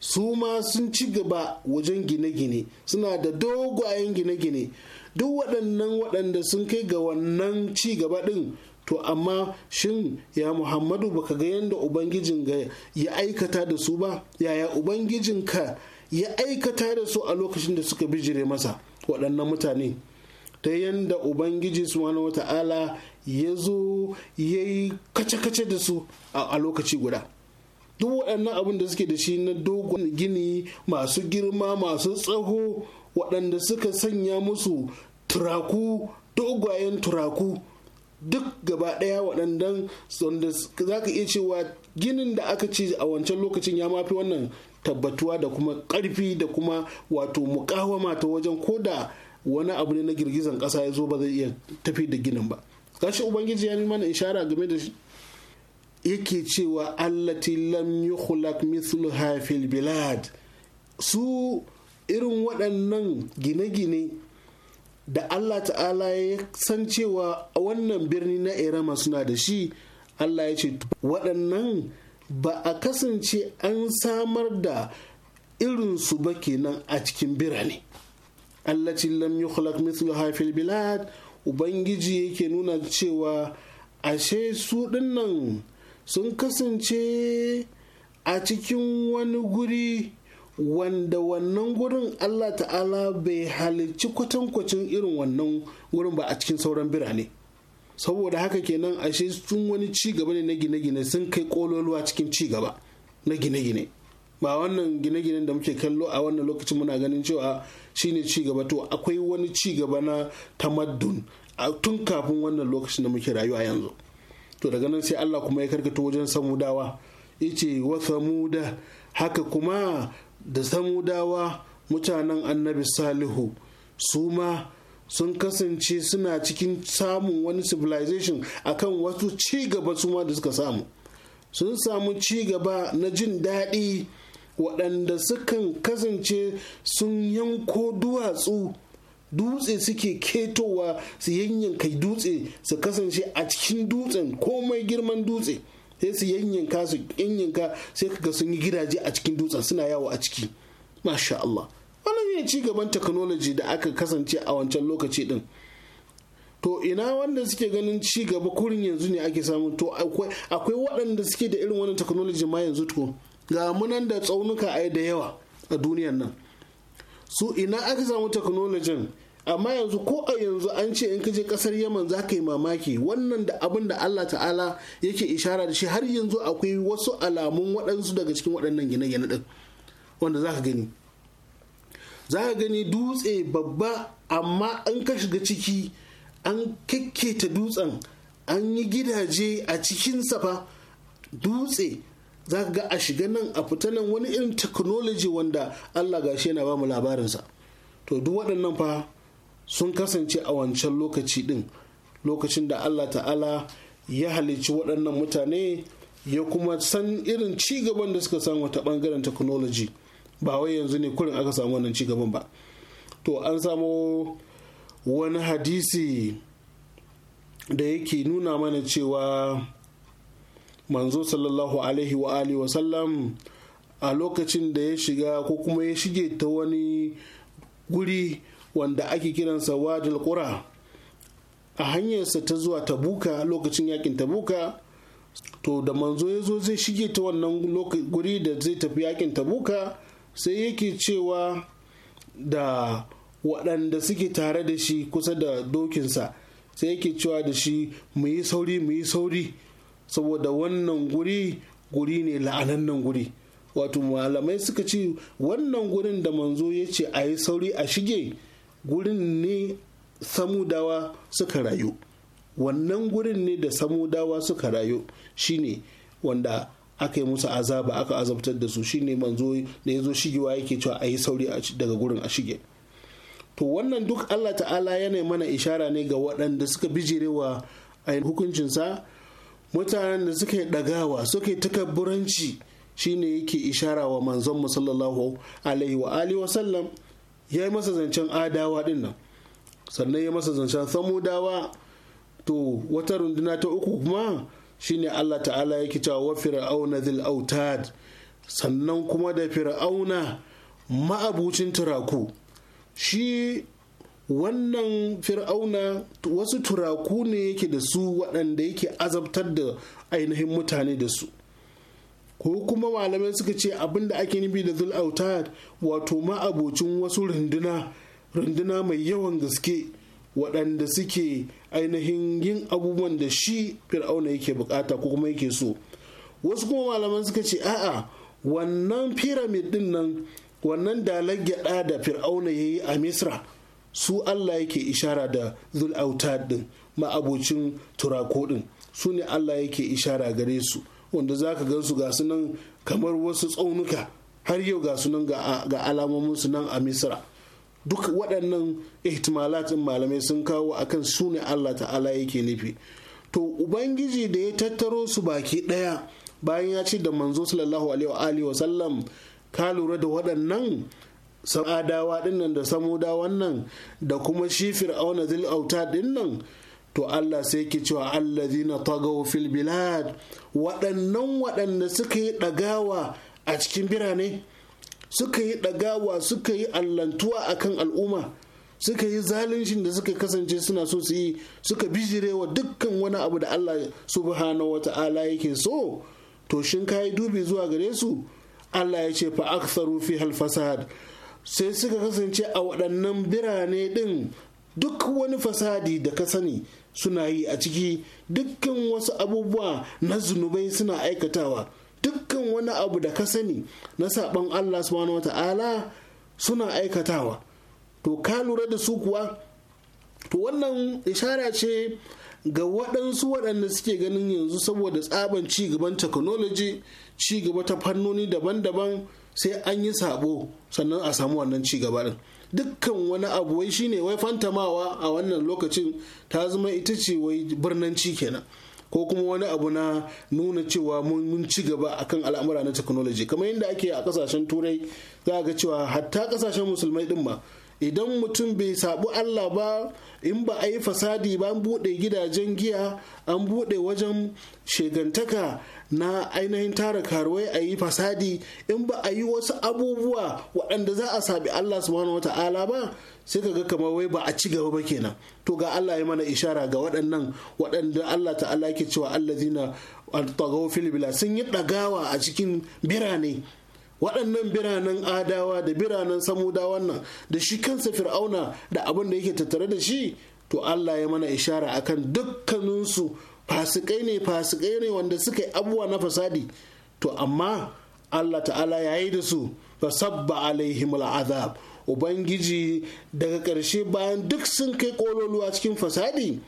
su ma sun ci gaba wajen gine-gine suna da dogayen gine-gine duk waɗannan waɗanda sun kai ga wannan ci gaba din. to amma shin ya muhammadu baka ga yadda ubangijin ga ya aikata da su ba yaya ubangijin ka ya aikata da su a lokacin da suka bijire masa waɗannan mutane ta yadda ubangiji wani wata'ala ya zo ya yi kace-kace da su a lokaci guda duk waɗannan abin da suke da shi na dogon gini masu girma masu tsaho waɗanda suka sanya musu turaku dogayen turaku duk gaba ɗaya waɗannan wanda za ka iya cewa ginin da aka ci a wancan lokacin ya mafi wannan tabbatuwa da kuma ƙarfi da kuma wato mukawama ta wajen ko da wani abu ne na girgizan ƙasa ya zo ba zai iya tafi da ginin ba gashi ubangiji ya mana ishara game da shi yake cewa allati lam yukhlaq mithluha fil bilad su irin waɗannan gine-gine da Allah ta'ala ya san cewa wannan birni na irama suna da shi Allah ya ce waɗannan ba a kasance an samar da irinsu ba kenan a cikin birane allati lam yukhlaq mithluha haifil bilad ubangiji yake nuna cewa ashe su dinnan sun kasance a cikin wani guri wanda wannan gurin Allah ta'ala bai halicci kwatankwacin irin wannan gurin ba a cikin sauran birane saboda haka kenan ashe sun wani ci gaba ne na gine-gine sun kai kololuwa cikin ci gaba na gine-gine ba wannan gine-ginen da muke kallo a wannan lokacin muna ganin cewa shine ci gaba to akwai wani ci gaba na tamaddun tun kafin wannan lokacin da muke rayuwa yanzu to daga nan sai Allah kuma ya karkata wajen samudawa yace wa samuda haka kuma da samudawa mutanen annabi salihu su ma sun kasance suna cikin samun wani civilization akan wasu cigaba suma su ma da suka samu sun samu cigaba na jin daɗi waɗanda sukan kasance sun yanko duwatsu dutse suke ketowa su yanyanka dutse su kasance a cikin dutsen komai girman dutse sai su yanyanka su yanyanka sai ka sun yi gidaje a cikin dutsen suna yawo a ciki masha Allah wannan ne ci gaban technology da aka kasance a wancan lokaci din to ina wanda suke ganin ci gaba kurin yanzu ne ake samu to akwai waɗanda suke da irin wannan technology ma yanzu to ga munan da tsaunuka ai da yawa a duniyar nan su ina aka samu technology amma yanzu ko a yanzu an ce in kaje kasar yaman za ka yi mamaki wannan da abin da allah ta'ala yake ishara da shi har yanzu akwai wasu alamun waɗansu daga cikin waɗannan gine-gine ɗin wanda za ka gani za ka gani dutse babba amma an ka shiga ciki an kekketa dutsen an yi gidaje a cikin safa dutse za ka ga a shiga nan a fita nan wani irin technology wanda allah gashi yana ba mu labarinsa to duk waɗannan fa sun kasance a wancan lokaci ɗin lokacin da allah ta'ala ya halicci waɗannan mutane ya kuma san irin cigaban da suka samu ta ɓangaren technology ba wai yanzu ne kurin aka samu wannan cigaban ba to an samu wani hadisi da yake nuna mana cewa manzo sallallahu alaihi wa alihi wasallam a lokacin da ya shiga ko kuma ya shige ta wani guri wanda ake kiransa wadil kura, a hanyarsa ta zuwa tabuka lokacin yakin tabuka to da manzo ya zo zai shige ta wannan guri da zai tafi yakin tabuka sai yake cewa da waɗanda suke tare da shi kusa da dokinsa sai yake cewa da shi mu yi sauri mu yi sauri saboda wannan guri guri ne la'anannan guri wato malamai suka ce wannan gurin da manzo ya ce a yi sauri a shige gurin ne samudawa suka rayu wannan gurin ne da samudawa suka rayu shine wanda aka yi musu azaba aka azabtar da su shine manzo da ya zo shigewa yake cewa a yi sauri daga gurin a shige to wannan duk allah ta'ala yana mana ishara ne ga waɗanda suka bijirewa a hukuncinsa mutanen da suka yi ɗagawa suka yi takabburanci shine yake ishara wa manzon musallallahu alaihi wa alihi wa sallam ya yi masa zancen adawa din nan sannan ya masa zancen samudawa to wata runduna ta uku kuma shine Allah ta'ala yake cewa wa fir'auna zil autad sannan kuma da fir'auna ma'abucin turaku shi wannan fir'auna wasu turaku ne yake da su waɗanda yake azabtar da ainihin mutane da su ko kuma malamai suka ce abin da ake nufi da zul autad wato abocin wasu runduna runduna mai yawan gaske waɗanda suke ainihin yin abubuwan da shi fir'auna yake bukata ko kuma yake so wasu kuma malaman suka ce a'a wannan pyramid din nan wannan dalar gyada da fir'auna ya yi a misra su allah yake ishara da zul'auta din ma'abocin turako din su ne allah yake ishara gare su wanda za ka gansu ga su nan kamar wasu tsaunuka har yau ga su nan ga alamomin su nan a misra duk waɗannan ihtimalatin malamai sun kawo akan su ne allah ta'ala yake nufi to ubangiji da ya tattaro su baki ɗaya bayan ya ce da manzo sallallahu alaihi wa sallam ka lura da waɗannan sa'adawa dinnan da samoda wannan da kuma shi auna zil auta dinnan to Allah sai ke cewa allazina tagaw fil bilad waɗannan waɗanda suka yi ɗagawa a cikin birane suka yi ɗagawa suka yi allantuwa kan al'umma suka yi zaluncin da suka kasance suna so su yi suka bijirewa dukkan wani abu da Allah subhanahu Wata'ala yake so to shin yi dubi zuwa gare su Allah ya ce fa aktharu fi fasad sai suka kasance a waɗannan birane ɗin duk wani fasadi da ka sani suna yi a ciki dukkan wasu abubuwa na zunubai suna aikatawa dukkan wani abu da ka sani na saɓan Allah subhanahu wata'ala suna aikatawa to ka lura da su kuwa to wannan ishara ce ga waɗansu waɗanda suke ganin yanzu saboda tsaban ci gaban technology ci gaba ta fannoni daban-daban sai an yi sabo sannan a samu wannan ci gaba dukkan wani abu wai shine wai fantamawa a wannan lokacin ta zama ita ce wai ci kenan ko kuma wani abu na nuna cewa mun ci gaba akan al'amura na technology kamar yadda ake a kasashen turai za ga cewa hatta kasashen musulmai din ma idan mutum bai sabu Allah ba in ba a yi fasadi ba an buɗe gidajen giya an buɗe wajen shegantaka na ainihin tara karuwai a yi fasadi in ba a yi wasu abubuwa waɗanda za a sabi Allah subhanahu wata'ala ba sai ka ga kamar wai ba a ci gaba ba kenan to ga Allah ya mana ishara ga waɗannan waɗanda Allah ta'ala ke cewa allazina tagaw fil bila sun yi ɗagawa a cikin birane waɗannan biranen adawa da biranen samudawan nan da shi kansa fir'auna da abin da yake tattare da shi to Allah ya mana ishara akan dukkaninsu fasikai ne fasikai ne wanda suka yi abubuwa na fasadi to amma Allah ta'ala ya yi da su fasabba sabba alaihim al'azab ubangiji daga ƙarshe bayan duk sun kai ƙololuwa cikin fasadi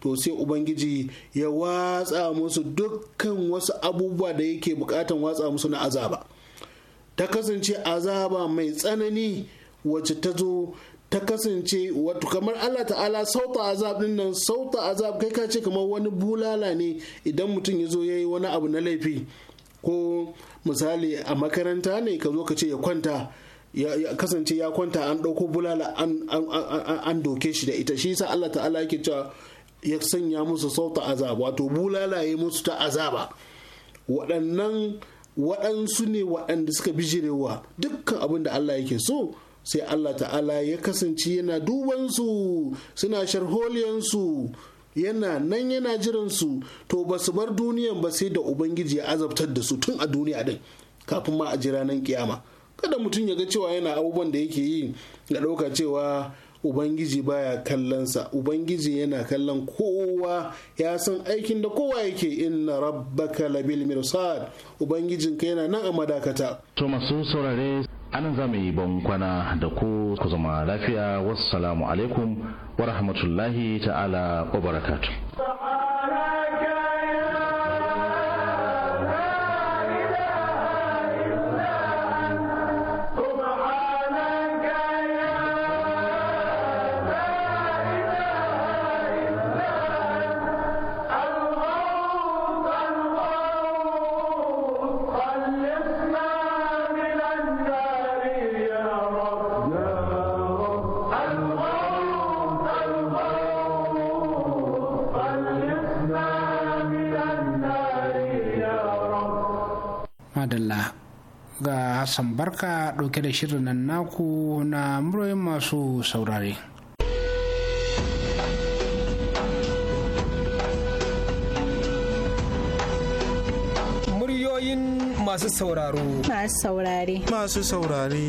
to sai ubangiji ya watsa musu dukkan wasu abubuwa da yake bukatan watsa musu na azaba ta kasance azaba mai tsanani wacce ta zo ta kasance wato kamar Allah ta'ala sauta azab din nan sauta azab kai ka ce kamar wani bulala ne idan mutum ya zo ya yi wani abu na laifi ko misali a makaranta ne ka zo ka ce ya kwanta ya kasance ya kwanta an ɗauko bulala an doke shi da ita shi sa Allah ta'ala yake cewa ya sanya musu sauta azab wato bulalaye musu ta azaba waɗannan waɗansu ne waɗanda suka bijirewa dukkan abin da Allah yake so sai Allah ta'ala ya kasance yana dubansu suna sharholiyansu yana nan yana jiransu to ba su bar duniyan ba sai da ubangiji ya azabtar da su tun a duniya din kafin ma a jira nan kiyama kada mutum ya ga cewa yana abubuwan da yake yi ga ɗauka cewa ubangiji baya kallonsa ubangiji yana kallon kowa ya san aikin da kowa yake inna rabbaka labil mirsad ubangijinka yana nan a madakata to masu saurare anan za mu yi bankwana da ku ku zama lafiya wasu salamu alaikum wa rahmatullahi ta'ala wa barakatuh Hassan Barka ɗauke da shirin nan naku na muryoyin masu saurare. Muryoyin masu sauraro. Masu saurare. Masu saurare.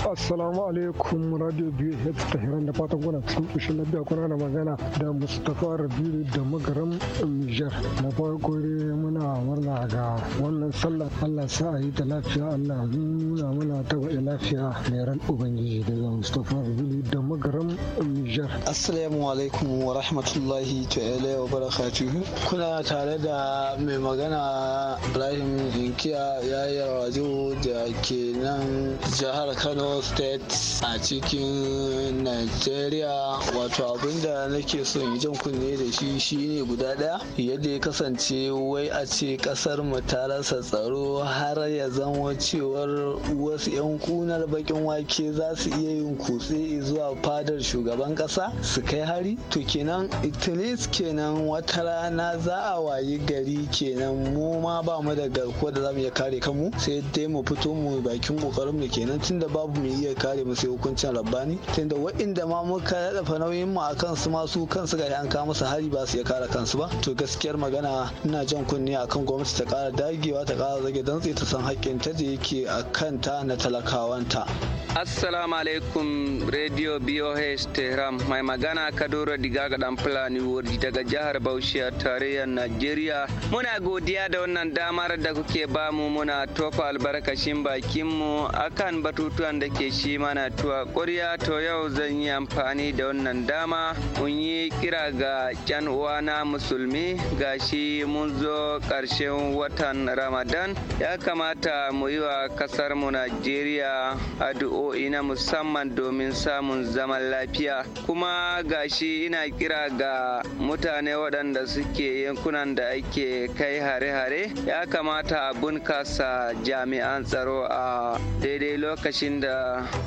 Assalamu alaikum Radio Biyu ya ta hiran da fatan kuna cikin na biya kuna na magana da Mustapha Rabiru da magaram Niger. Na farko dai muna murna ga wannan sallar Allah sa a yi ta lafiya Allah nuna muna ta baɗi lafiya mai ran Ubangiji daga Mustapha Rabiru da magaram Niger. Assalamu alaikum wa rahmatullahi ta'ala wa barakatuhu. Kuna tare da mai magana Ibrahim Inkiya ya yi da ke nan jihar Kano State a cikin Nigeria wato abinda nake son yi jan kunne da shi shine guda daya. yadda ya kasance wai a ce kasar mu ta rasa tsaro har ya zama cewar wasu 'yan kunar bakin wake za su iya yin kutse zuwa fadar shugaban kasa su kai hari to kenan itilis kenan wata rana za a wayi gari kenan mu ma ba mu da garkuwa da za mu iya kare kanmu sai dai mu fito mu bakin kokarin mu kenan tunda babu mai iya kare mu sai hukuncin rabbani tunda waɗanda ma muka yadafa nauyin mu akan su ma su kansu ga an kawo musu hari ba su iya kare kansu ba to gaskiyar magana ina jan kunne akan gwamnati ta kara dagewa ta kara rage dantse ta san haƙƙin ta da yake a kanta na talakawanta assalamu alaikum radio boh tehran mai magana Kadura, diga ga dan fulani wurji daga jihar bauchi a tarayyar najeriya muna godiya da wannan damar da kuke bamu muna tofa albarkashin bakinmu akan batutuwan da ke shi mana tuwa ƙwarya to yau zan yi amfani da wannan dama mun yi kira ga ƙyan uwana musulmi ga shi mun zo ƙarshen watan ramadan ya kamata mu yi wa ƙasar mu najeriya addu'o'i na musamman domin samun zaman lafiya kuma ga shi ina kira ga mutane waɗanda suke yankunan da ake kai hare-hare ya kamata a bunkasa jami'an tsaro a daidai lokacin da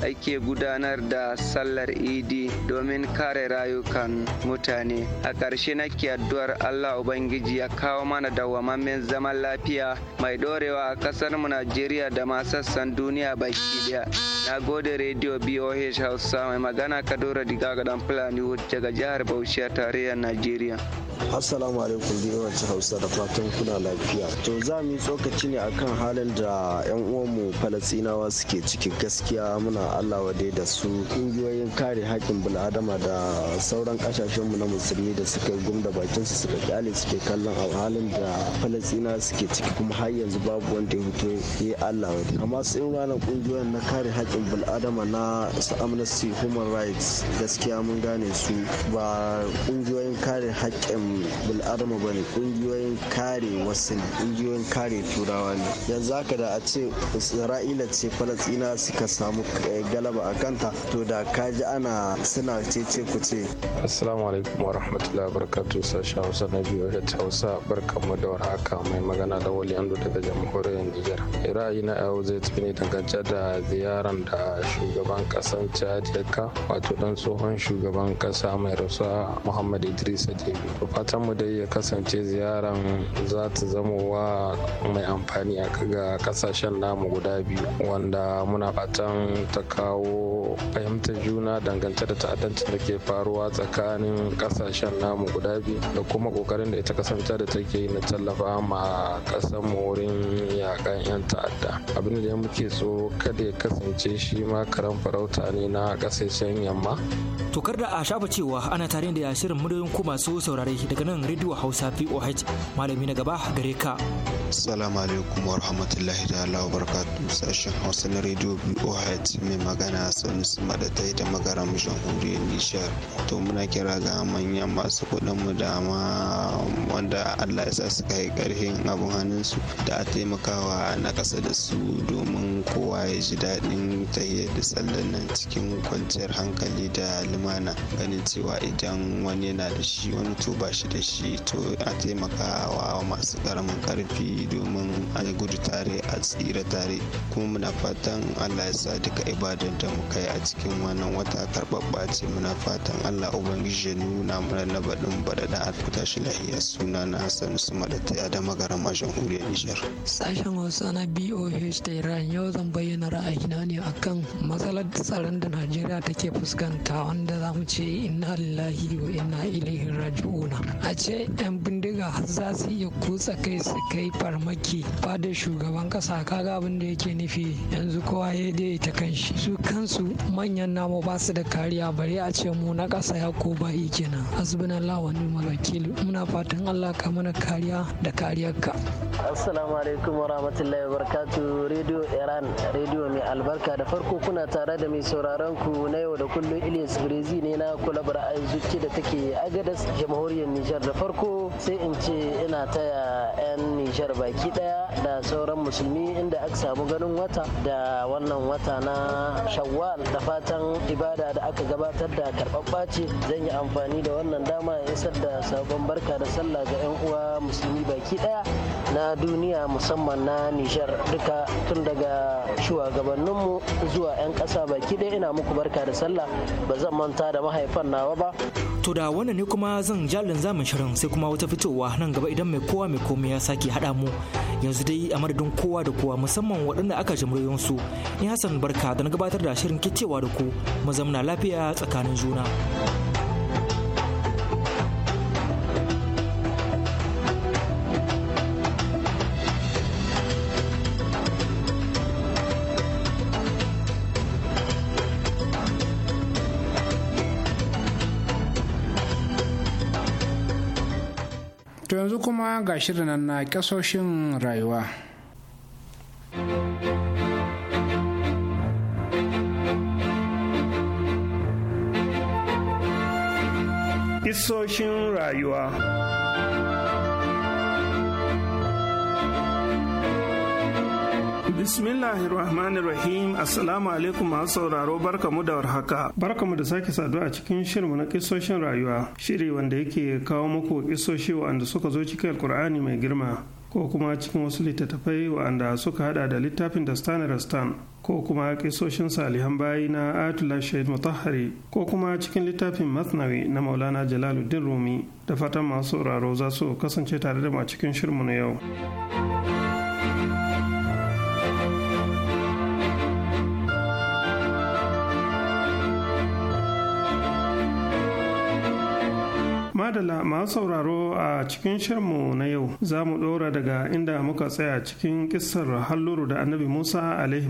ake gudanar da sallar idi domin kare rayukan mutane a ƙarshe nake addu'ar allah ubangiji ya kawo mana dawwamammen zaman lafiya mai dorewa a ƙasar mu najeriya da ma sassan duniya baki daya na gode rediyo boh hausa mai magana kadora diga gadan fulani daga jihar bauchi a tarayyar najeriya assalamu alaikum biyu hausa da fatan kuna lafiya to za mu yi tsokaci ne akan halin da yan uwanmu falasinawa suke ciki gaskiya gaskiya muna Allah wade da su ƙungiyoyin kare haƙƙin bil'adama da sauran mu na musulmi da suka yi gumda bakin su suka kyale suke kallon a halin da falasina suke ciki kuma har yanzu babu wanda ya fito ya Allah wade amma su in ranar ƙungiyoyin na kare haƙƙin bil'adama na su amnesty human rights gaskiya mun gane su ba ƙungiyoyin kare haƙƙin bil'adama ba ne ƙungiyoyin kare wasu ne ƙungiyoyin kare turawa ne yanzu haka da a ce isra'ila ce falasina suka samu samu eh, galaba a kanta to da kaji ana suna cece ku ce assalamu alaikum wa rahmatullahi wa barakatuh sashi hausa na biyu da hausa mu da warhaka mai magana da wali ando daga jamhuriyar niger ra'ayi na yau zai tafi ne dangance da ziyaran da shugaban kasan chad ya ka wato dan tsohon shugaban kasa mai rasuwa muhammad idris to fatan mu dai ya kasance ziyaran za ta zama wa mai amfani a ga kasashen namu guda biyu wanda muna fatan ta kawo fahimtar juna dangance da ta'addancin da ke faruwa tsakanin kasashen namu guda biyu da kuma kokarin da ita kasanta da take yi na tallafa ma kasan mu wurin yakan yan ta'adda abin da muke so kada ya kasance shi ma karan farauta ne na kasashen yamma tokar da a shafa cewa ana tare da yashirin muryoyin ku masu saurare daga nan rediyo hausa voh malami na gaba gare ka assalamu alaikum wa rahmatullahi ta'ala wa barakatuhu hausa na rediyo voh H mai magana sun Madatai da magaram jamhuriyar Nishar. To muna kira ga manyan masu kuɗin mu da ma wanda Allah ya sa su kai ƙarfin abin hannunsu da a taimakawa na ƙasa da su domin kowa ya ji daɗin tayyar da sallan nan cikin kwanciyar hankali da lumana ganin cewa idan wani yana da shi wani to ba shi da shi to a taimakawa masu ƙaramin ƙarfi domin a gudu tare a tsira tare kuma muna fatan Allah ya sa duka ibadar da muka yi a cikin wannan wata karɓaɓɓa ce muna fatan Allah Ubangiji ya nuna mana na baɗin baɗaɗa da fita shi lahiya suna na Hassan su maɗata da magaram a jamhuriyar Nijar. Sashen Hausa na BOH da Iran yau zan bayyana ra'ayina ne akan matsalar tsaron da Najeriya take fuskanta wanda za mu ce inna lillahi wa inna ilaihi raji'un. A ce 'yan bindiga za su iya kutsa kai su kai farmaki ba da shugaban kasa kaga abin da yake nufi yanzu kowa ya dai ta kanshi su kansu manyan namu ba su da kariya bare a ce mu na ƙasa ya ko ba kenan hasbunallah wa ni'mal wakil muna fatan Allah ka mana kariya da kariyarka assalamu alaikum wa rahmatullahi wa barakatuh radio iran radio mai albarka da farko kuna tare da mai sauraron ku na yau da kullum Ilyas Brezi ne na kulabar aizuki da take Agadas jamhuriyar Nijar da farko sai in ce ina taya 'yan Nijar baki daya da sauran musulmi inda aka samu ganin wata da wannan wata na shawwal da fatan ibada da aka gabatar da karɓaɓɓa ce zan yi amfani da wannan dama isar da sabon barka da sallah ga 'yan uwa musulmi baki ɗaya na duniya musamman na nijar duka tun daga shugabanninmu zuwa 'yan ƙasa baki ɗaya ina muku barka da sallah ba zan manta da mahaifan nawa ba To da wannan ne kuma zan jalin zamin shirin sai kuma wata fitowa nan gaba idan mai kowa mai komai ya sake haɗa mu yanzu dai a madadin kowa da kowa musamman waɗanda aka ji su ni Hassan Barka da na gabatar da shirin kicewa da ku mu zamna lafiya tsakanin juna. yanzu kuma ga shirin na kyasoshin rayuwa Isoshin rayuwa Bismillahirrahmanirrahim Assalamu alaikum masu sauraro barkamu da warhaka. Barkamu da sake saduwa a cikin shirmu na kisoshin rayuwa, shiri wanda yake kawo muku kisoshi wa'anda suka zo cikin Alkur'ani mai girma. ko kuma cikin wasu littattafai wa'anda suka hada da littafin da stan ko kuma kisoshin salihan bayi na atula shahid mutahari ko kuma cikin littafin masnawi na maulana jalaluddin rumi da fatan masu sauraro za su kasance tare da mu a cikin shirmu na yau. madala masu sauraro a cikin shirmu na yau za mu ɗora daga inda muka tsaya cikin kisar halluru da annabi musa alaihi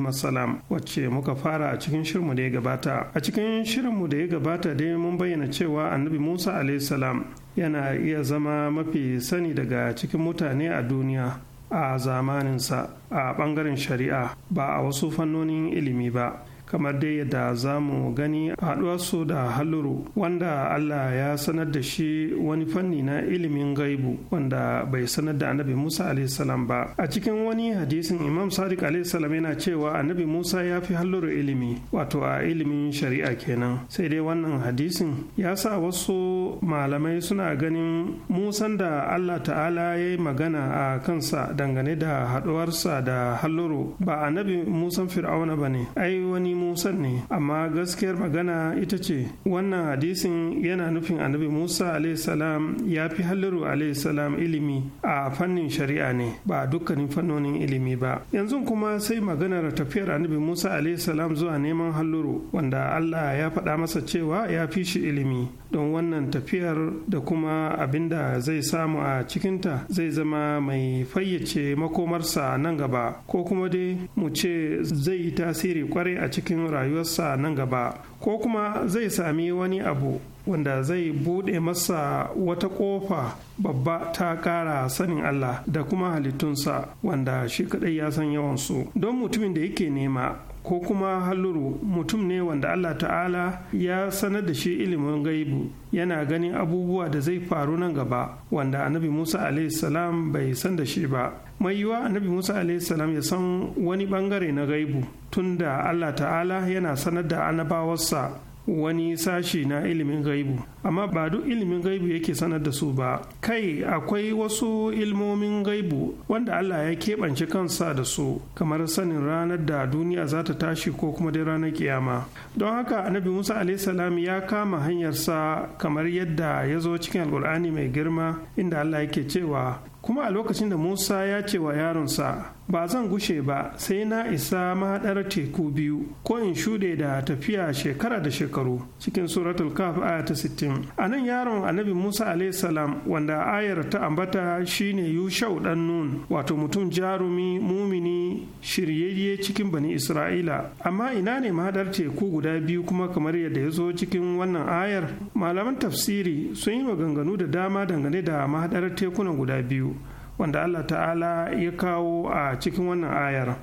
wacce muka fara a cikin shirmu da ya gabata a cikin shirinmu da ya gabata dai mun bayyana cewa annabi musa alaihi salam yana iya zama mafi sani daga cikin mutane a duniya a zamaninsa a ɓangaren shari'a ba a wasu fannonin ilimi ba kamar dai yadda za mu gani a haɗuwarsu da haluru wanda Allah ya sanar da shi wani fanni na ilimin gaibu wanda bai sanar da annabi Musa salam ba a cikin wani hadisin Imam Sadiq salam yana cewa annabi Musa ya fi haluru ilimi wato a ilimin shari'a kenan sai dai wannan hadisin ya sa wasu malamai suna ganin Musan da Allah ta'ala ya yi magana a kansa dangane da haɗuwarsa da haluru ba annabi Musan Fir'auna ba ne ai wani musa ne amma gaskiyar magana ita ce wannan hadisin yana nufin annabi musa salam ya fi halliru salam ilimi a fannin shari'a ne ba dukkanin fannonin ilimi ba yanzu kuma sai maganar tafiyar annabi musa salam zuwa neman halluru wanda allah ya faɗa masa cewa ya fi shi ilimi don wannan tafiyar da kuma abin da zai samu a cikinta zai zama mai fayyace makomarsa nan gaba ko kuma dai mu ce zai yi tasiri kwarai a cikin cikin rayuwarsa nan gaba ko kuma zai sami wani abu wanda zai bude masa wata kofa babba ta kara sanin Allah da kuma halittunsa wanda shi kadai ya san yawansu don mutumin da yake nema ko kuma halluru mutum ne wanda Allah ta'ala ya sanar da shi ilimin gaibu yana ganin abubuwa da zai faru nan gaba wanda annabi Musa salam bai san da shi ba mai yiwuwa annabi musa salam ya san wani bangare na gaibu tunda allah ta'ala yana sanar da annabawarsa wani sashi na ilimin gaibu amma ba duk ilimin gaibu yake sanar da su ba kai akwai wasu ilmomin gaibu wanda allah ya keɓance kansa da su kamar sanin ranar da duniya za ta tashi ko kuma dai ranar kiyama don haka annabi musa salam ya kama hanyarsa kamar yadda ya zo cikin alkur'ani mai girma inda allah yake cewa kuma a lokacin da musa ya ce wa yaronsa ba zan gushe ba sai na isa mahaɗar teku biyu ko in shuɗe da tafiya shekara da shekaru cikin suratul kaf aya ta sittin. a nan yaron annabi musa salam wanda ayar ta ambata shine yushau dan nun wato mutum jarumi mumini shiryayye cikin bani isra'ila amma ina ne mahaɗar teku guda biyu kuma kamar yadda ya zo cikin wannan ayar malaman tafsiri sun yi maganganu da dama dangane da mahaɗar tekuna guda biyu wanda allah ta'ala ya kawo a cikin wannan ayar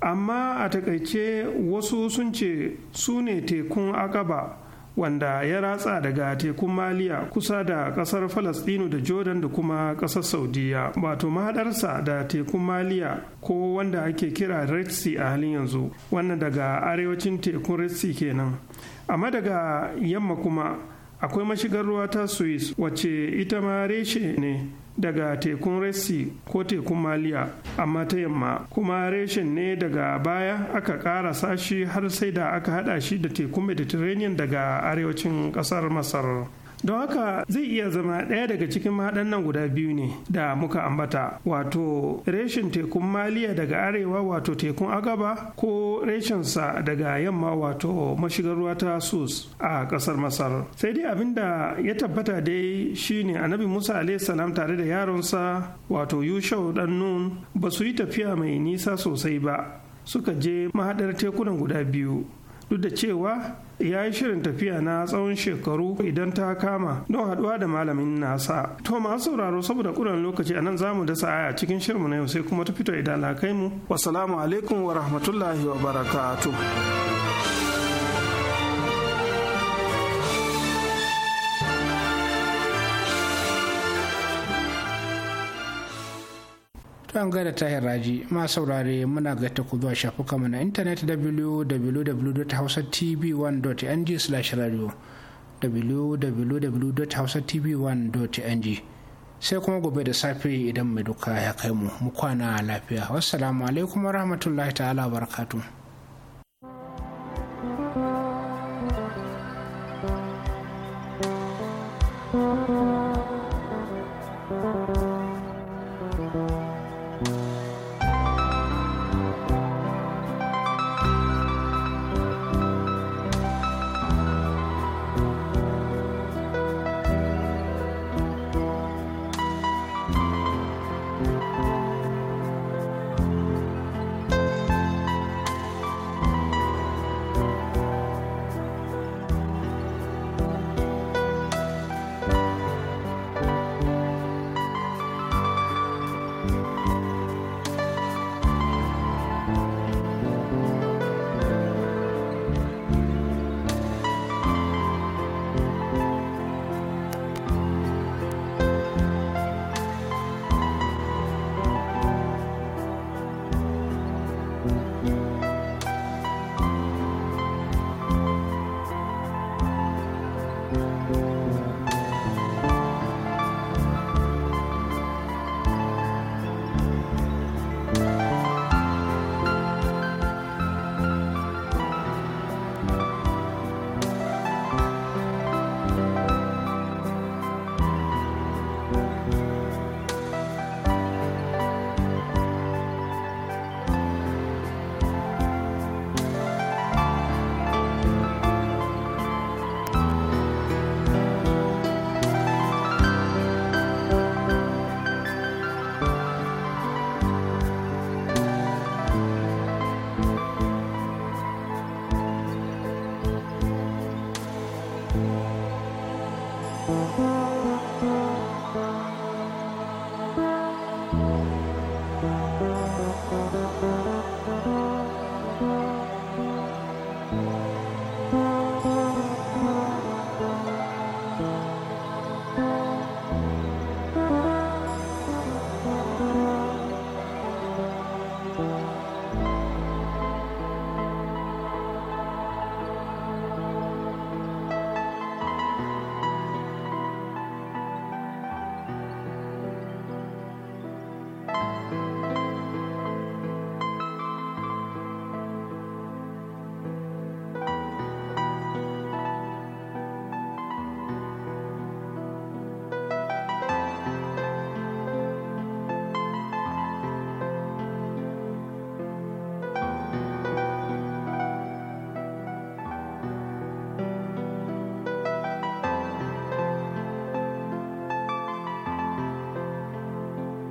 amma a takaice wasu sun ce su ne tekun akaba wanda ya ratsa daga tekun maliya kusa da kasar falastinu da jordan da kuma kasar saudiya wato mahadarsa da tekun maliya ko wanda ake kira red sea a halin yanzu wannan daga arewacin tekun red sea kenan amma daga yamma kuma akwai mashigar ruwa ta swiss wacce ita ma reshe ne daga tekun Resi ko tekun Maliya amma ta yamma kuma reshen ne daga baya aka kara sashi har sai da aka hada shi da tekun Mediterranean daga arewacin kasar Masar. don haka zai iya zama ɗaya daga cikin mahaɗannan guda biyu ne da muka ambata wato reshen tekun maliya daga arewa wato tekun agaba ko reshensa daga yamma wato mashigar ruwa ta sus a ƙasar masar sai dai abin da ya tabbata dai shine annabi musa salam tare da yaronsa wato yushau dan nun ba su yi tafiya mai nisa sosai ba suka je mahaɗar tekunan guda biyu duk da cewa ya yi shirin tafiya na tsawon shekaru idan ta kama don haɗuwa da malamin nasa to masu sauraro saboda ƙuran lokaci a nan zamu dasa aya cikin shirmu na yau sai kuma ta fito idan lakai mu wasalamu alaikum wa rahmatullahi wa barakatuh Bangare ta tahir raji ma saurare muna ga ta ku zuwa shafuka mu na intanet www.hausatv1.ng slash radio www.hausatv1.ng sai kuma gobe da safe idan mai duka ya kai mu mu kwana lafiya wassalamu alaikum warahmatullahi ta'ala barakatu.